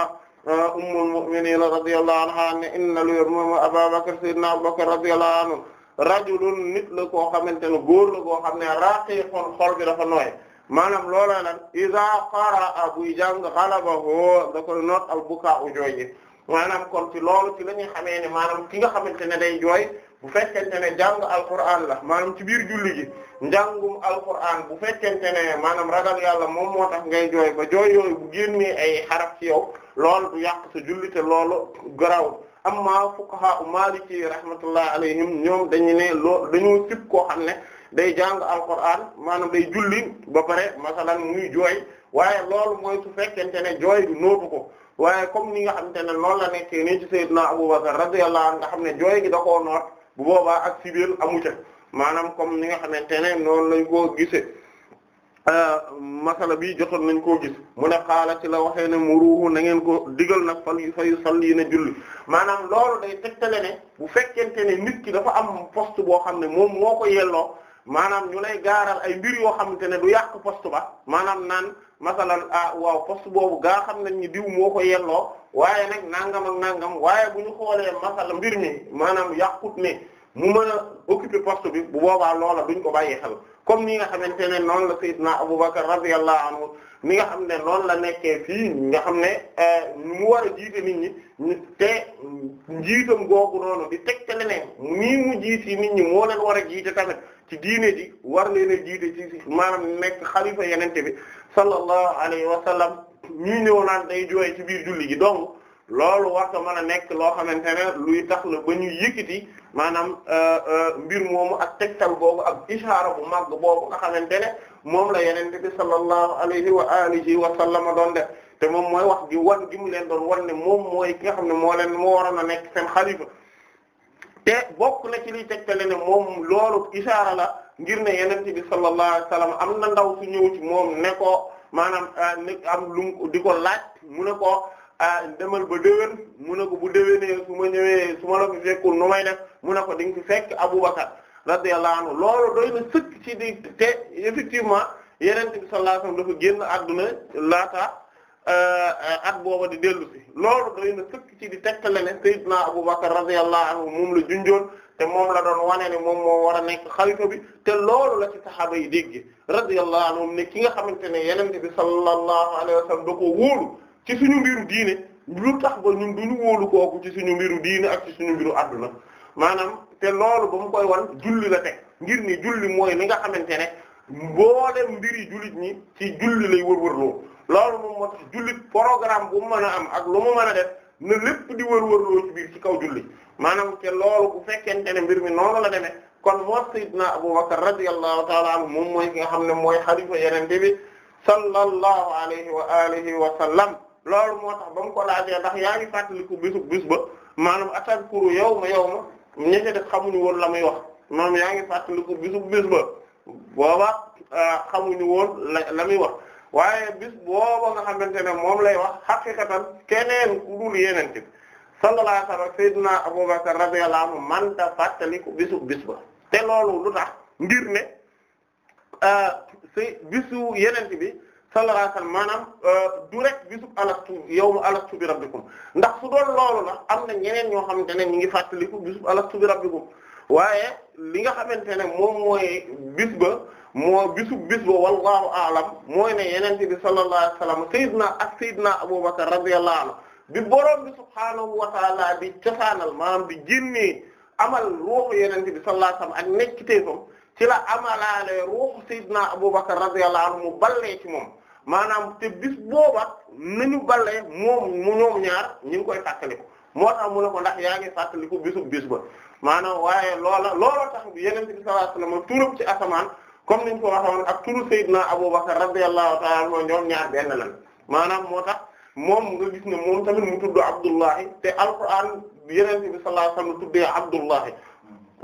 ummul mu'minin radiyallahu anha ne inna lu yor moom Abu Bakr sayyidina Abu Bakr radiyallahu anhu rajulun nit la koo xamante ne góor la koo xam ne raqiqun xol bi dafa nooy maanaam loola nag iza qara'a buy jàng ghalabahu da koy noot al bukaa u jooy maanaam kon ci loolu ci la ñuy xamee ne maanaam ki nga xamante ne day jooy. bu fekkente ne jàng alquran la maanaam ci biir julli gi njàngum alquran bu fekkente ne maanaam ragal yàlla moom moo tax ngay jooy ba jooy yooyu bu génnee ay xaraf ci yow lool du yàq sa julli te loolu garaawul amma fuqaha maliki rahmatullahi alayhim ñoom dañu ne loo dañoo sib koo xam ne day jàng alquran maanaam day julli ba pare masalan muy jooy waaye loolu mooy su fekkente ne jooy du nootu ko waaye comme ni nga xamante ne noonu la nekkee nii ci sayyidna Abu nga xam ne jooy gi da koo bu boobaa ak sibeel amu ca maanaam comme ni nga xamante ne noonu lañu koo gisee euh, masala bi jotoon nañ ko gis mu ne xaala ci la waxee ne muruuhu na ngeen ko digal nag fal fa yu salli na julli maanaam loolu day teg tegtale ne bu fekkente ne nit ki dafa am poste boo xam ne moom moo ko yelloo maanaam ñu lay gaaral ay mbir yoo xam ne du yàq post ba maanaam naan masalan ah waaw poste boobu gaa xam nañ ni diw moo ko yelloo waaye nag nangam ak nangam waaye bu ñu xoolee masala mbir mi maanaam yàqut ne mu mën a occuper poste bi bu boobaa loola duñ ko bàyyi xel comme ni nga xamante ne noonu la Seydina Aboubacar radiyallahu anhu ni nga xam ne noonu la nekkee fii nga xam ne eh, nu mu war a jiite nit ñi te njiitam googu noonu di tegtale ne nii mu jiiti nit ñi moo leen war a jiite tamit ci diine ji war leen a jiite ci maanaam nekk xalifa yenente bi sallallahu alayhi wa sallam ñuy ñëw naan day jooy ci biir julli gi donc loolu war na a nekk loo xamante ne luy tax na ba ñu yëkkati maanaam euh, euh, mbir moomu ak tal boobu ak ishaara bu màgg boobu nga xamante ne moom la yenente bi sallallahu alayhi wa alihi wa sallam doon def te moom mooy wax gi war gi mu leen doon war ne moom mooy ki nga xam ne moo leen moo waroon a nekk seen xalifa te bokk na ci liy tegtale ne moom loolu ishaara la ngir ne yeneen bi sallallahu alayhi wasallam am na ndaw su ñëw moom ne ko maanaam ah, am lu di laaj mu ne ko ah, demal ba déwén mu ne ko bu déwénee su ma ñëwee su ma la fi fekkul nu may def mu ne ko di nga fekk Abubakar radiyallahu anhu loolu doy na sëkk ci di te effectivement yeneen bi sallallahu alayhi wasallam àdduna laata. Ah, at booba di dellu si loolu doy na sëkk ci di tegtale ne Seydina Abubakar radiyallahu anhu moom la junjoon te moom la doon wane ne moom moo war a nekk xalifa bi te loolu la ci saxaaba yi dégg radiyallahu anhum ne ki nga xamante ne yenente bi sallallahu alayhi wa sallam da koo wóolu ci suñu mbiru diine lu tax ba ñun duñu woolu kooku ci suñu mbiru diine ak ci suñu mbiru adduna maanaam te loolu ba mu koy wan julli la teg ngir ni julli mooy li nga xamante ne mboolem mbiri julit ñi ci julli lay wërwërloo loolu moom moo tax programme bu mu mën a am ak lu mu mën a def na lépp di wër wër loo ci biir ci kaw julli maanaam te loolu bu fekkente ne mbir mi noonu la demee kon moo sayyidna Abu Bakr radiyallahu ta'ala anhu moom mooy ki nga xam ne mooy xalifa yenente bi sallallahu alayhi wa alihi wa sallam loolu moo tax mu ko laajee ndax yaa ngi fàttaliku bisu bis ba maanaam atadkuru yawma yawma ñefe def xamuñu woon la muy wax maanaam yaa ngi fàttaliku bisu bis ba booba ah, xamuñu woon la la muy wax waaye bis booba nga xamante ne moom lay wax xaqiqatan keneen ku dul yeneen ci sallallahu alayhi wa sallam sayyidina Abubakar radiyallahu anhu man fàttaliku bisu bis ba te loolu lu tax ngir ne euh, si bisu yeneen bi sallallahu maanaam euh, du rek bisu alastu yawmu alastu bi rabbikum ndax su doon loolu la am na ñeneen ñoo xamante ne ñu ngi fàttaliku bisu alastu bi rabbikum waaye li nga xamante ne moom mooy bis ba moo bisu bis ba wallahu aalam mooy ne yenente bi sallallahu alayhi wasallam sayyidina ak sayyidina Abubakar radiyallahu anhu bi boroom bi subhaanahu wa taala di cosaanal maanaam di génnee amal ruuxu yenente bi sallallahu alayhi ak nekkiteefam ci la amalaale ruuxu sayyidina Abubakar radiyallahu anhu mu ballee ci moom maanaam te bis booba nañu ballee moom mu ñoom ñaar ñu ngi koy fàttaliku moo tax mu ne ko ndax yaa ngi fàttaliku bisu bis ba maanaam waaye loola loola tax yenente bi sallallahu alayhi wasallam turam ci asamaan comme ni niñ ko waxoon ak turu Seydina Abubakar radiyallahu ta'ala anhu ñoom ñaar benn lan maanaam moo tax moom nga gis ne moom tamit mu tudd Abdullahi te Alquran Yonent bi sallallahu mu wa sallam tuddee Abdullahi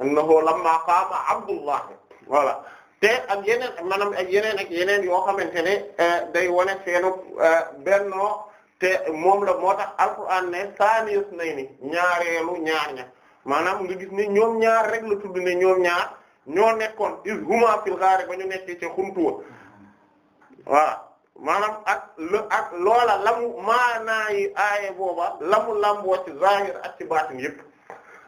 annahu lamma qaama Abdullahi voilà te ak yeneen maanaam ak yeneen ak yeneen yoo xamante ne eh, day wane seenu eh, bennoo te moom la moo tax Alquran ne saani isnayni ñaareelu ñaar ña maanaam nga gis ne ñoom ñaar rek tudd ne ñoom ñaar. ñoo nekkoon is huma fil ghaar ba ñu nekkee ca xuntuwa voilà maanaam ak loola lamu maanaa yi aaye booba lamu lamboo ci zahir ak ci baatin yëpp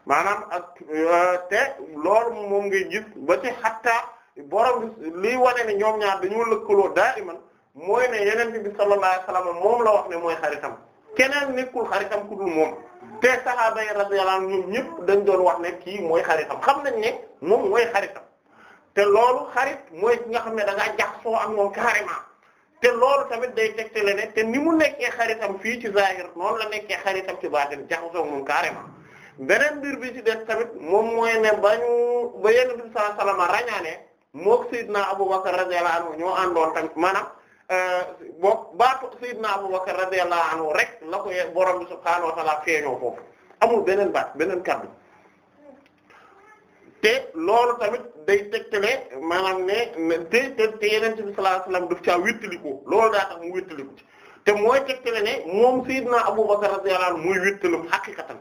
maanaam ak euh, te loolu moom ngay gis ba ci xattaa borom liy wane ne ñoom ñaar dañoo lëkkaloo daiman mooy ne yeneen bi sallallahu alayhi wasallam moom la wax ne mooy xaritam keneen nekkul xaritam ku dul moom te sahaaba yi radiyallahu anhum ñoom dañ doon wax ne kii mooy xaritam xam nañ ne moom mooy xaritam te loolu xarit mooy ki nga xam ne da ngaa jaxasoo ak moom carrément te loolu tamit day tegtale ne te ni mu nekkee xaritam fii ci zahir noonu la nekkee xaritam ci baatin jaxasoo ak moom carrément beneen mbir bi ci des tamit moom mooy ne ba ñu ba Yonent bi sallallahu alayhi wasallam ràññaane mook Seydina Abubakar radiyallahu anhu ñoo àndoon tamit maanaam boobu euh, baatu Seydina Abubakar radiyallahu anhu rek la ko borom bi subhaanahu feeñoo foofu amul beneen baat beneen kàddu te loolu tamit day tegtale maanaam ne te te te Yonent bi sallallahu alayhi wasallam daf caa wéttalikoo loolu daa tax mu wéttaliku ci te mooy tegtale ne moom Seydina Abubakar radiyallahu anhu muy wéttalam xaqiqatan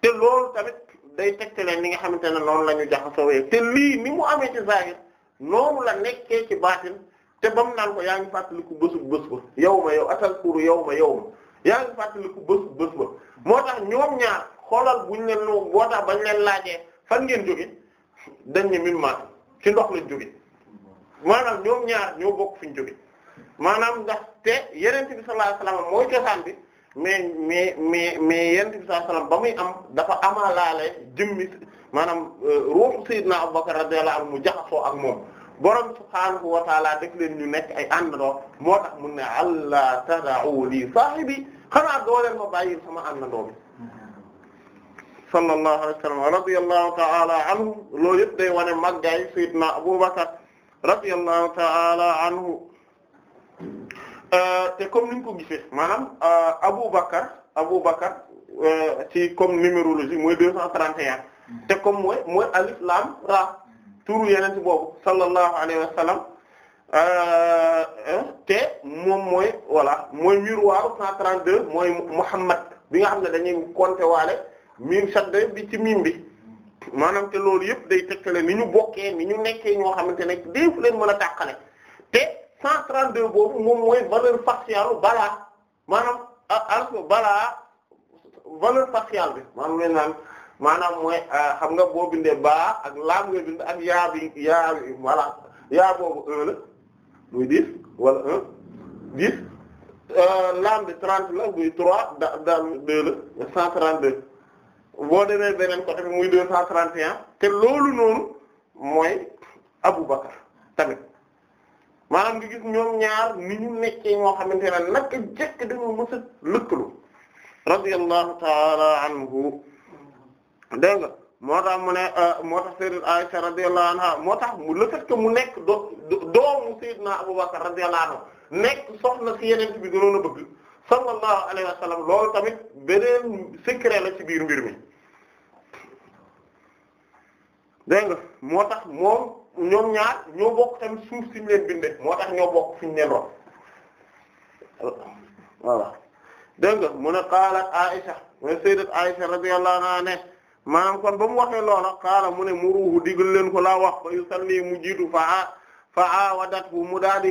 te loolu tamit day tegtale ni nga xamante ne noonu la ñu jaxasoo te lii ni mu amee ci zahir noonu la nekkee ci baatin te ba mu naan ko yaa ngi fàttaliku bësu bës ba yow ma atal pour yow ma yow ma yaa ngi fàttaliku bësu moo tax ñoom ñaar xoolal buñ leen lu boo tax leen laajee fan ngeen jóge dañ ne min maa ci ndox lañ jóge maanaam ñoom ñaar ñoo bokk fi ñu maanaam ndax te yeneen bi sallallahu alayhi mooy cosaan bi mais mais mais mais yeneen bi sallallahu alayhi ba muy am dafa amalaale jëmmi maanaam naa euh, ruuxu sayyidina Abubakar radiyallahu am mu jaxasoo ak moom borom subhaanahu wa taala def leen ñu nekk ay àndandoo moo tax mun ne allah tada'u li saahibi xanaa doo leen ma bàyyi sama àndandoo bi sallallahu alayhi wa sallam ta'ala anhu loolu yëpp day wane màggaay sayyidina Abubakar radiyallahu euh, comme niñ ko gisee maanaam euh, Abubakar Abubakar euh, ci comme numérologie mooy te comme mooy mooy alif turu yeneen boobu sallallahu alayhi wa sallam euh, euh, te moom mooy voilà mooy miroir 132 mooy Muhammad bi nga xam ne dañuy compter waale miim shadda bi ci miim bi maanaam te loolu yëpp day tëkkale ni ñu bokkee ni ñu nekkee ñoo xamante ne dee fu leen mën a tàqale te 132 boobu moom mooy valeur faciale balaa maanaam ah, alpha balaa valeur faciale bi maanaam leen naan maanaam mooy euh, xam nga boo bindee baa ak laam nga bind ak yaa bi yaa bi voilà yaa boobu un la muy dix wala un dix euh, laam bi trente la muy trois da daal deux la cent trente deux boo demee beneen côté bi muy deux cent trente et te loolu noonu mooy Aboubacar tamit maanaam nga gis ñoom ñaar ni ñu nekkee ñoo xamante ne naka jekk dañoo mës a lëkkaloo radiyallahu ta'ala anhu dégg nga moo tax mu ne euh, moo tax sayyidat Aisha radiyallahu anha moo tax mu le mu nekk do doomu sayyidna Abu Bakr radiyallahu nekk soxna si yeneen bi gënoon a bëgg sallallahu alayhi wa sallam loolu tamit beneen secret la ci biir mbir mi dégg nga moo tax moom ñoom ñaar ñoo bokk tamit suuf si leen binde moo tax ñoo bokk fi ñu leen rob voilà dégg Aisha mu ne Aisha radiyallahu anha ne maanaam kon ba mu waxee loola xaala mu ne muruhu digal leen ko laa wax ba yu salli mu jiitu fa a fa a wadat bu mu daal di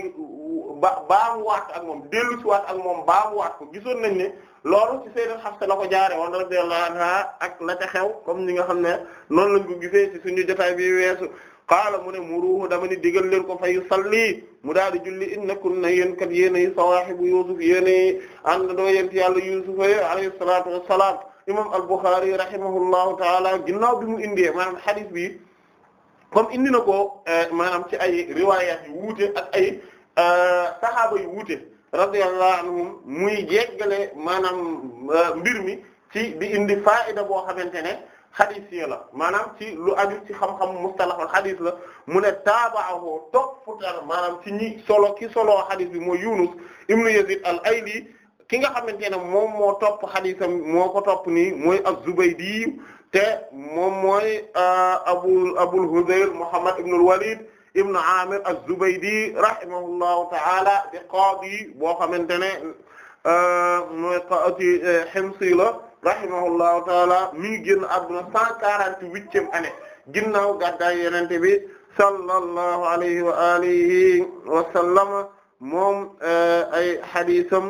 ba baa mu waat ak moom dellu si waat ak moom baa mu waat ko gisoon nañ ne loolu ci sayyidat Hafsa la ko jaare woon radiyallahu anha ak la xew comme ni nga xam ne noonu lañ ko gisee ci suñu jotaay bi weesu xaala mu ne muruhu dama ni digal leen ko fa yu salli mu daal di julli na yéen kat yéenay sawaahibu Yuusuf yéenay àndandoo yéen ci yàlla Yuusuf alayhi salaatu wassalaam imam al-Bukhari rahimahullahu taala ginnaaw bi mu indee maanam hadith bi comme indi na ko eh, maanaam ci ay riwaayaat yu wuute ak ay eh, sahaaba yu wuute radiyallahu anhum muy jéggale maanaam eh, mbir mi ci bi indi faida boo xamante ne hadith yi la maanaam ci lu aju ci xam-xam mustalahul hadith la mu ne taabaahu topp maanaam ci ñi solo ki solo hadith bi mooy Yunus ibnu Yazid al-Ayli ki nga xamante ne moom moo topp xadisam moo ko topp nii mooy az-Zubaydi te moom mooy euh, Abu Abul Hudayl Muhammad ibn al-Walid ibn Amir az-Zubaydi rahimahullahu ta'ala di qaadi boo xamante ne euh, mooy qaadi euh, Himsi la rahimahullahu ta'ala mi ngi génn àdduna 148e année ginnaaw gàddaay Yonent bi sallallahu alayhi wa alihi wa moom ay xadisam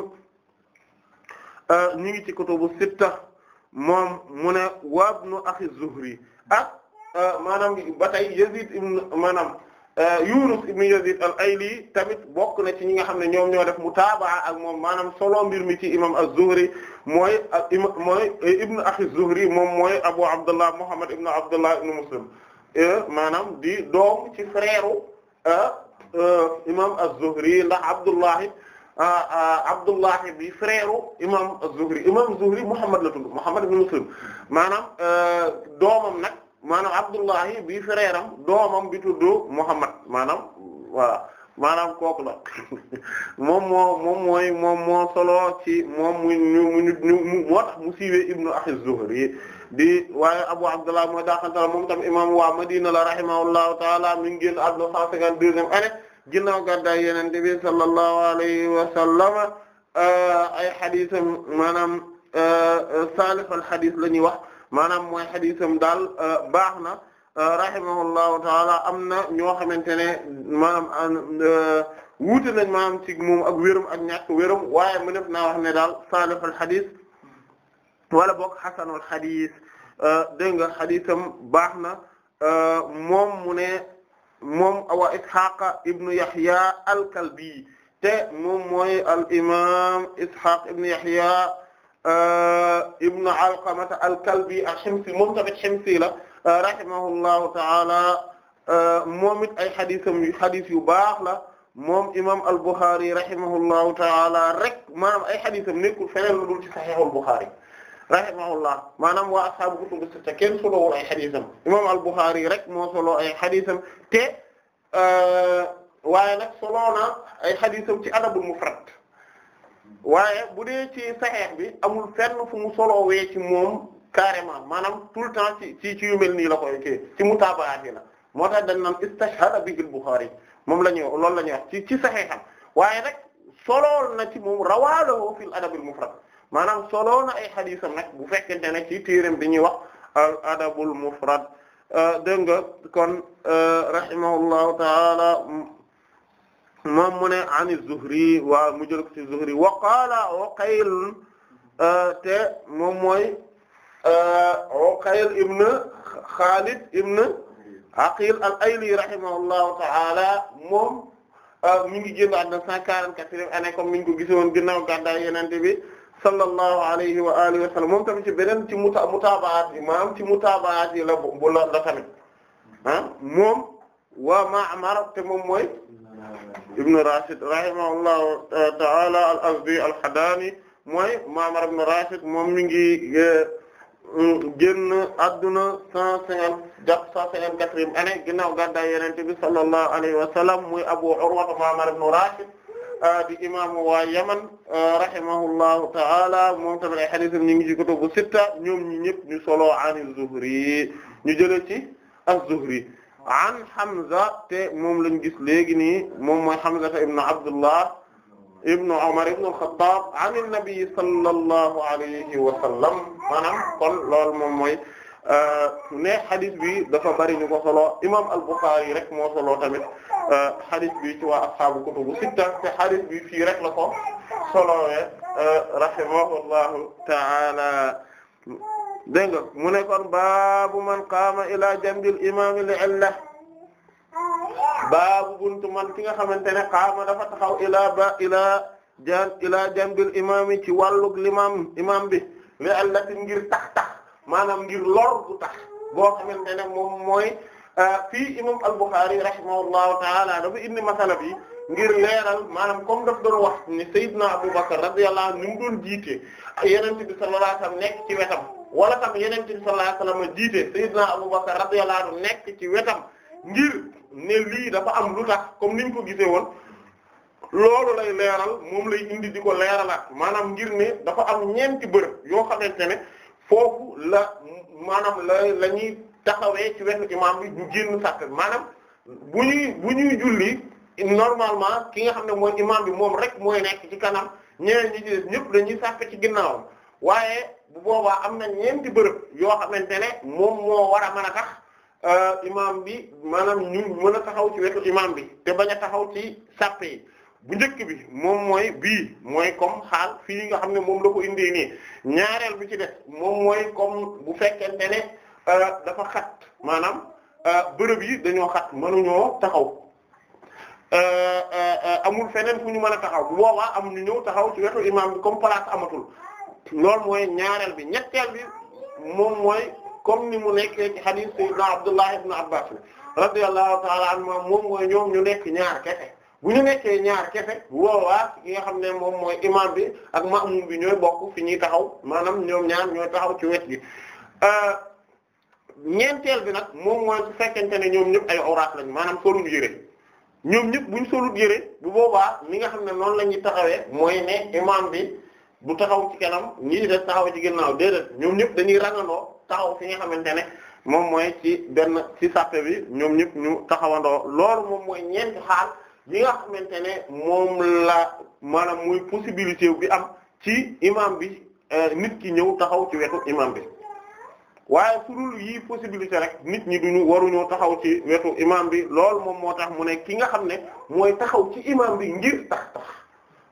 Euh, ñu ngi ci kutubu sitta moom mu ne wabnu axi Zuhri ak euh, maanaam ba maanaam euh, Yunus ibn Yazid al-Ayli tamit bokk na ci ñi nga xam ne ñoom ñoo def mutaabaa ak moom maanaam solo mbir mi ci imam az-Zuhri mooy mooy ibn axi Zuhri moom mooy Abu Abdullah Muhammad ibn Abdullah ibn Muslim maanaam di doom ci frère imam az-Zuhri ndax Abdullahi Ah, ah, Abdullah bi frère imam az-Zuhri imam Zuhri Muhammad la tudd Muhammad ibn Muslim maanaam eh, doomam nag maanaam Abdullah bi frère am doomam bi tudd Muhammad maanaam voilà maanaam kooku la moom moo moom mooy moom moo solo ci moom mu ñu moo tax mu siiwee ibnu akhi az-Zuhri di waaye Abu Abdullah mooy daaxantala moom tam imam waa Madina la rahimahullahu taala mi ngi génn àdduna cent cinquante ginnaaw gàddaay yenente bi sallallahu alayhi wa eh, ay xadisam maanaam eh, salih al xadis la ñuy wax maanaam mooy xadisam daal eh, baax na rahimahullahu taala am na ñoo xamante ne maanaam wuute nañ maanaam ci moom ak wérum ak waaye mu na naa wax ne daal salih al xadis wala boog xasanul xadis dégg nga xadisam baax na moom mu ne moom wa Ishaaq ibnu Yahya al-Kalbi te moom mooy al imaam Ishaaq ibnu Yahya euh, ibnu Alqamata al-Kalbi ash-Shimsi moom tamit Shimsi la euh, rahimahullahu ta'ala euh, moom it ay xadisam yu xadis yu baax la moom imaam al-Bukhari rahimahullahu ta'ala rek maanaam ay xadisam nekkul feneen lu dul ci Sahih al-Bukhari rahimahullah maanaam waa ashaabu kutubu sitta kenn solowul ay xadisam imam al-Bukhari rek moo solo ay xadisam te euh, waaye nag soloo na ay xadisam ci adabul mufrad waaye bu dee ci saxeex bi amul fenn fu mu solowee ci moom carrément maanaam tout le temps ci ci ci nii la koy ci mutaabaat yi la moo tax dañ naan istashhada bihi al-Bukhari moom la ñuy loolu la ñuy wax ci ci saxeexam waaye nag solool na ci moom rawaalahu fil adabil mufrad maanaam soloo ay xadiisam nag bu fekkente ne ci téeram bi ñuy wax al adabul mufrad euh, dégg nga kon euh, rahimahullahu taala moom mu ne an az-Zuhri wa mu jël ko ci Zuhri wa qaala Uqayl euh, te moom mooy Uqayl ibn Khalid ibn Aqil al-Ayli rahimahullahu taala moom mi ngi génn àdduna 144 année comme niñ ko gisoon ginnaaw gàddaay Yonent bi sallallahu alayhi wa alihi wa sallam moom tamit ci beneen ci muta mutaabaat yi maanaam ci mutaabaat yi la bu la la tamit ah moom waa Ma'mar te moom mooy ibnu Rashid rahimahullahu ta'ala al-Azdi al-Hadani mooy Ma'mar ibnu Rashid moom mi ngi eh, génn adduna cent cinquante jàpp cent cinquante-quatrième année ginnaaw gàddaay Yonent bi sallallahu alayhi wa sallam muy Abu Urwa Ma'mar ibnu Rashid Ah, di imaamu waa Yaman ah, rahimahullahu ta'ala moom tamit ay hadiisam ñu ngi ci kutubu sitta ñoom ñi ñëpp ñu solo an az-Zuhri ñu jëlee ci az-Zuhri an Hamza te moom lañ gis léegi nii moom mooy Hamza ibn Abdullah ibn Umar ibn al-Khattab an an-Nabi sallallahu alayhi wa sallam maanaam kon loolu moom mooy. Euh, ne xadis bi dafa bari ñu ko solo imam al-Bukhari rek moo solo tamit euh, xadis bi ci waa ashaabu kutubu sitta te xadis bi fii rek la ko solowee euh, rahimahullahu ta'ala dégg nga mu ne kon baabu man qaama ila jambil imam li illa baabu buntu man ki nga xamante ne qaama dafa taxaw ilaa ba ilaa imam ci wàllug limam imam bi li illa ngir tax tax maanaam ngir lor bu tax boo xamante ne moom mooy euh, fii imam al-Bukhari rahimahullahu taala dafa indi masala bi ngir leeral maanaam comme daf doon wax ni Seydina Abu Bakr radiyallahu anhu ni mu doon jiite Yonent bi sallallahu alayhi wasallam nekk ci wetam wala tam Yonent bi sallallahu alayhi wasallam jiite Seydina Abu Bakr radiyallahu nekk ci wetam ngir ne lii dafa am lu tax comme niñ ko gisee woon loolu lay leeral moom lay indi di ko leeralaat maanaam ngir ne dafa am ñeenti bërëb yoo xamante ne foofu la maanaam la lañuy ñuy taxawee ci wetu imaam bi ñu génn sàkk maanaam bu ñuy bu ñuy julli normalement ki nga xam ne mooy imaam bi moom rek mooy nekk ci kanam ñeneen ñi ci ñëpp dañuy sàkk ci ginnaawam waaye bu boobaa am na ñeenti bërëb yoo xamante ne moom moo war a mën a tax euh, imaam bi maanaam ñu mën a taxaw ci wetu imaam bi te bañ a taxaw ci sàppe bu njëkk bi moom mooy bii mooy comme xaal fii nga xam ne moom la ko indee ñaareel bi ci def moom mooy comme bu fekkente ne euh, dafa xat maanaam euh, bërëb yi dañoo xat mënuñoo taxaw euh, amul feneen fu ñu mën a taxaw bu boobaa am ñu taxaw ci wetu imaam bi comme place amatul mooy ñaareel bi ñetteel bi moom mooy ni mu nekkee ci hadith sayyidina Abdullah ibn Abbas radiyallahu ta'ala anhu moom mooy ñoom ñu nekk ñaar kese bu ñu nekkee ñaar kefe woowaa ki nga xam ne moom mooy imam bi ak maamum bi ñooy bokk fi ñuy taxaw maanaam ñoom ñaar ñooy taxaw ci wet gi euh, ñeenteel bi nag moom mooy fekkente ne ñoom ñëpp ay awraat lañ maanaam solul yére ñoom ñëpp buñ solul yére bu boobaa mi nga xam ne noonu la ñuy taxawee mooy ne bi bu taxaw ci kanam ñii taxaw ci ginnaaw déedéet ñoom ñëpp dañuy rangandoo taxaw fi nga xamante ne moom mooy ci benn ci sàppe bi ñoom ñëpp ñu taxawandoo loolu moom mooy ñeenti xaal yi nga xamante ne moom la maanaam muy possibilité bi am ci imam bi euh, nit ki ñëw taxaw ci wetu imam bi waaye su dul yii possibilité rek nit ñi duñu waruñoo taxaw ci wetu imam bi loolu moom moo tax mu ne ki nga xam ne mooy taxaw ci imam bi ngir tax tax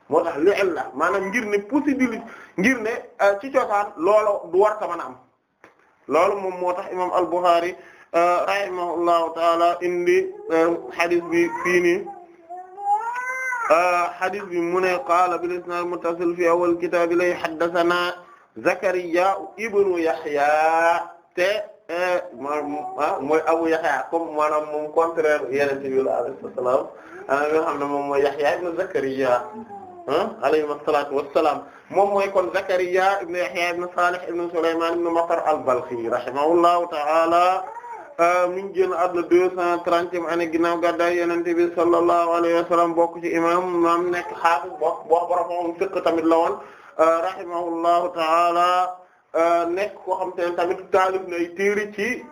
moo tax li la maanaam ngir ne possibilité ngir ne euh, ci cosaan loolu du war ta a am loolu moom moo tax imam al-Bukhari euh, rahimahullahu taala indi hadith bi fii nii hadith bi mu ne qaala bil isnaad muttasil fi awwal kitaab lay haddathana Zakariya ibnu Yahya te mooy Abu Yahya comme maanaam moom contraire Yonent bi alayhi salaam nga xam ne moom mooy Yahya ibnu Zakariya alayhi salaatu wassalaam moom mooy kon Zakariya ibnu Yahya ibnu Salih ibnu Sulaymaan ibnu Maqar al-Balkhi rahimahullahu ta'ala Euh, mi ngi génn àdduna deux cent trentième année ginnaaw gàddaay Yonent bi sallallahu alayhi wa sallam bokk ci imam maam nekk xaafis bokk bokk borom fiqh tamit la woon euh, rahimahullahu ta'ala euh, nekk koo xam te ne tamit taalif nay téeri ci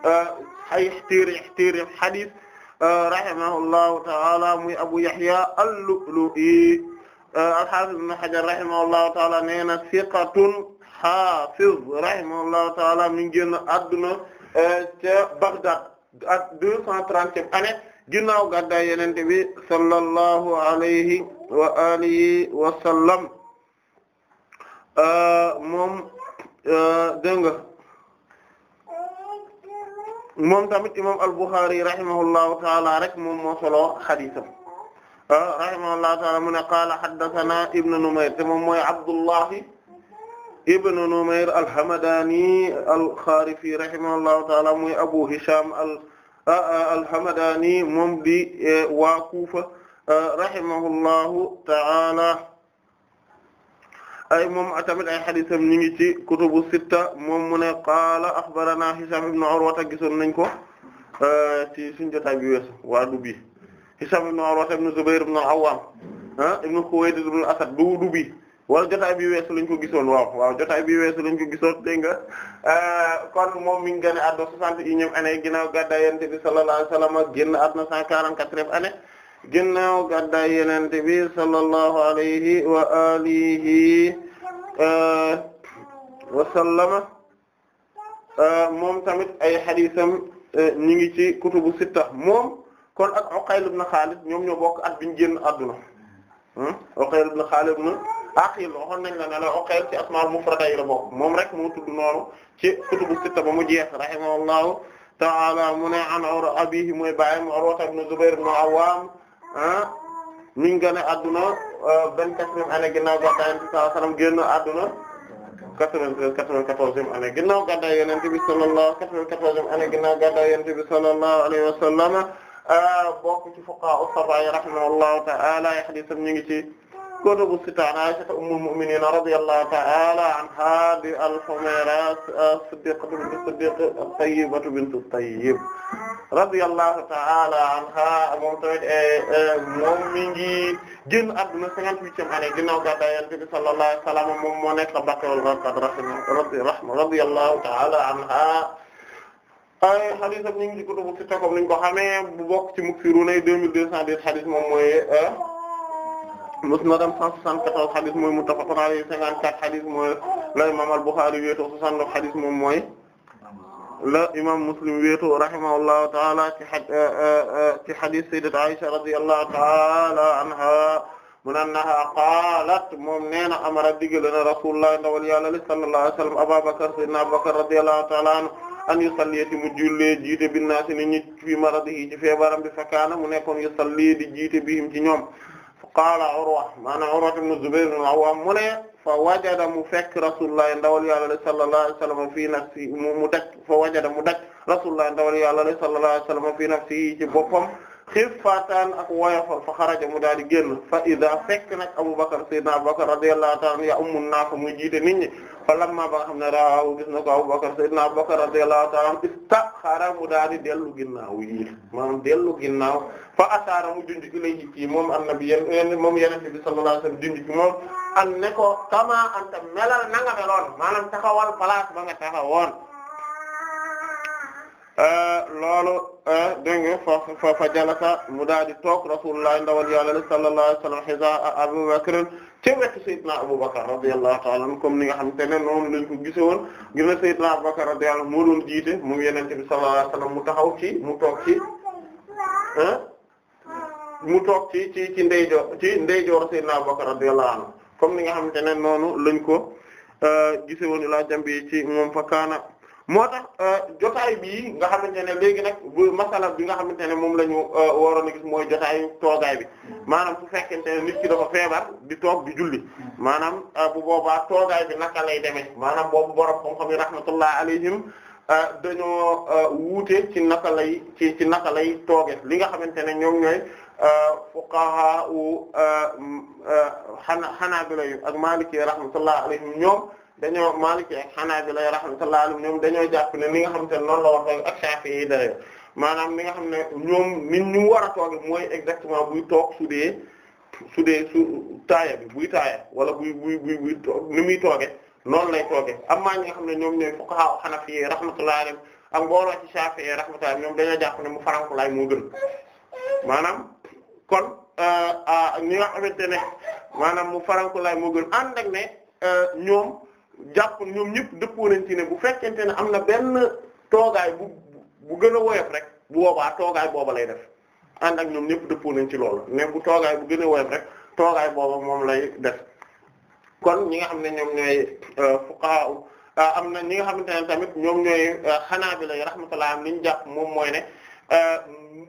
ay téeri téeri hadith rahimahullahu ta'ala muy Abu Yahya al-Lu'lu'i al-Hafiz ibn Hajar rahimahullahu ta'ala nee na thiqatun hafiz rahimahullahu ta'ala mi ngi génn àdduna Euh, ca Bagdad ak deux cent trentième année ginnaaw gàddaay yenente bi sallallahu alayhi wa alihi wa sallam euh, moom euh, nga moom tamit imam al-Bukhari rahimahullahu taala rek moom moo solo xadiisam taala mu ne qaala haddathana ibnu Numayr te moom mooy Abdullahi ibn Numayr al-Hamadani al-Kharifi rahimahullahu ta'ala muy Abu Hisham al-Hamadani moom di e, waa Kufa rahimahullahu ta'ala ay moom tamit ay xadisam ñu ngi ci kutubu sitta moom mu ne qaala axbarana Hisham ibn Urwa gisoon nañ ko e, ci suñu jotaay bi weesu waa du bi Hisham ibn Urwa ibn Zubayr ibn al-Awwam ah, ibn Khuwaylid ibn al-Asad du du bi wala jotaay bi weesu lañ ko gisoon waaw waaw jotaay bi weesu lañ ko gisoon dégg nga euh, kon moom mi ngi gën a àdduna soixante et unième année ginnaaw gàddaay yonent bi sallallahu alayhi wasallam génn àdduna cent quarante-quatrième année ginnaaw gàddaay yonent bi sallallahu wa alihi euh, wa sallama euh, moom tamit ay xadiisam ñu ci kutubu sitta moom kon ak Uqayl ibn Xaalid ñoom ñoo bokk biñ génn àdduna hmm? Uqayl ibn Xaalid na aqil waxoon nañ la ne la oqeel ci asmaal mufrada yi la bokk moom rek moo tudd noonu ci kutubu sitta ba mu jeex rahimahullahu ta'ala mu ne an Urwa abihi mooy bàyyam Urwa ibn Zubayr ibn Awwam ah, mi ngi gën a adduna ah, vingt-quatrième année ginnaaw gàddaay Yonent bi sallallahu alayhi wasallam génn adduna quatre-vingt-treize quatre-vingt-quatorzième année ginnaaw gàddaay Yonent bi sallallahu quatre-vingt-quatorzième année ginnaaw gàddaay Yonent bi sallallahu alayhi wasallam ah, bokk ci fuqaha as-sab'a rahimahullahu ta'ala ay hadiisam ñu ngi ci kutubu sitta an Aisha ummul mu'minin radiyallahu ta'ala anha di al-Humayra as-Siddiqatu bintu Siddiq at-Tayyibatu bintu Tayyib radiyallahu ta'ala anha moom tamit eh, eh, moom mi ngi génn àdduna cinquante-huitième année ginnaaw gàddaay Yonent bi sallallahu alayhi wa sallam moom moo nekk Baqiyul Gharqad radiyallahu ta'ala anha ay hadith am ñu ngi ci kutubu sitta comme niñ ko xamee bu bokk ci Muksirun 2200 hadith moom mooy eh, musnadam 174 xadis mooy muttafaqun alayhi 54 xadis mooy la imam al-Bukhari wéetoo 69 xadis moom mooy la imam Muslim wéetoo rahimahullahu taala ci euh, euh, euh, ci xadis sayyidat Aisha radiyallahu taala anha mun annaha qaalat moom nee na amara digal na rasulullah ndawal yàlla li sallallahu alayhi wa sallam Abubakar sayyidina Abubakar radiyallahu taala anhu an yusalli ti mu jullee jiite binnaasi nit ñi fi maradihi ci feebaram bi fakaana mu nekkoon yusalli di jiite bihim ci qaala Urwa maanaam Urwa ibn Zubayr ibn al-Awwam mu ne fa wajada mu fekk rasulullah ndawal yàlla sallallahu alayhi wa sallam fii nafsi mu mu daj fa wajada mu daj rasulullah ndawal yàlla sallallahu alayhi wa sallam fii nafsi ci boppam xiffataan ak woyofal fa xaraja mu daal di génn fa ida fekk nag Abubakar sayyidina Abubakar radiyallahu ta'ala anhu ya ummun naas muy jiite fa lamma ba xam ne raaw gis ko Abubakar sayyidina Abubakar radiyallahu ta'ala anhu istaxara mu daal di dellu ginnaaw yi maanaam dellu ginnaaw fa ashaara mu junj ilayhi ci moom annabi yéen moom yonent bi sallallahu alayhi wasallam junj ci moom an ne ko kama anta melal na nga meloon maanaam taxawal place ba nga taxawoon euh, Eh, dégg nga fa fa fa jalasa mu daal di toog rasulullah ndawal yàlla sallallahu alayhi wa sallam xisa Abu Bakr ci wetu Seydina nga xamante ne noonu lañ ko gisoon gis na Seydina Abu Bakr radiyallahu anhu moo doon jiite moom Yonent mu taxaw ci mu toog eh, toog ci ci ci ndeyjoor ci ndeyjoor Seydina Abu Bakr radiyallahu ni nga xam ne noonu lañ ko eh, gisoon ila jambi ci moom fa kaana moo tax euh, jotaay bii nga xamante ne léegi nag masala bi nga xamante ne moom lañu ñu euh, waroon a gis mooy jotaayu toogaay bi maanaam su fekkente ne nit ki dafa feebar di toog di julli maanaam euh, bu boobaa toogaay bi naka lay demee maanaam boobu borom xam-xam yi rahmatullah alayhim dañoo wuute ci naka lay ci ci naka lay tooge li nga xamante ne ñoom ñooy fuqaha u xanaa xanaabila yu ak maliki rahmatullah alayhim ñoom dañoo Maliki lay Hanaabila rahmatullahi alayhim ñoom dañoo jàpp ne ni nga xam te noon noonu la war toog ak Shaafi'i yi maanaam ni nga xam ne ñoom nit ñu war a toog mooy exactement buy toog su dee su dee su taaya bi buy taaya wala buy buy buy muy tooge noonu lay tooge amaa ñi xam ne ñoom ñooy fuqaha Hanafi rahmatullahi alayhim ak mbooloo ci Shaafi'i rahmatullahi ñoom dañoo jàpp ne mu farankulaay moo gën maanaam kon euh, ñi nga xamante ne maanaam mu farankulaay moo gën ànd ak ne euh, ñoom. jàpp ñoom ñëpp dëppoo nañ ci ne bu fekkente ne am na benn toogaay bu bu gën a woyof rek bu boobaa toogaay booba lay def ànd ak ñoom ñëpp dëppoo nañ ci loolu mais bu toogaay bu gën a woyof rek toogaay booba moom lay def kon ñi nga xam ne ñoom ñooy euh, fuqaha euh, am na ñi nga xamante ne tamit ñoom ñooy euh, bi yi rahmatullah am li ñu jàpp moom mooy ne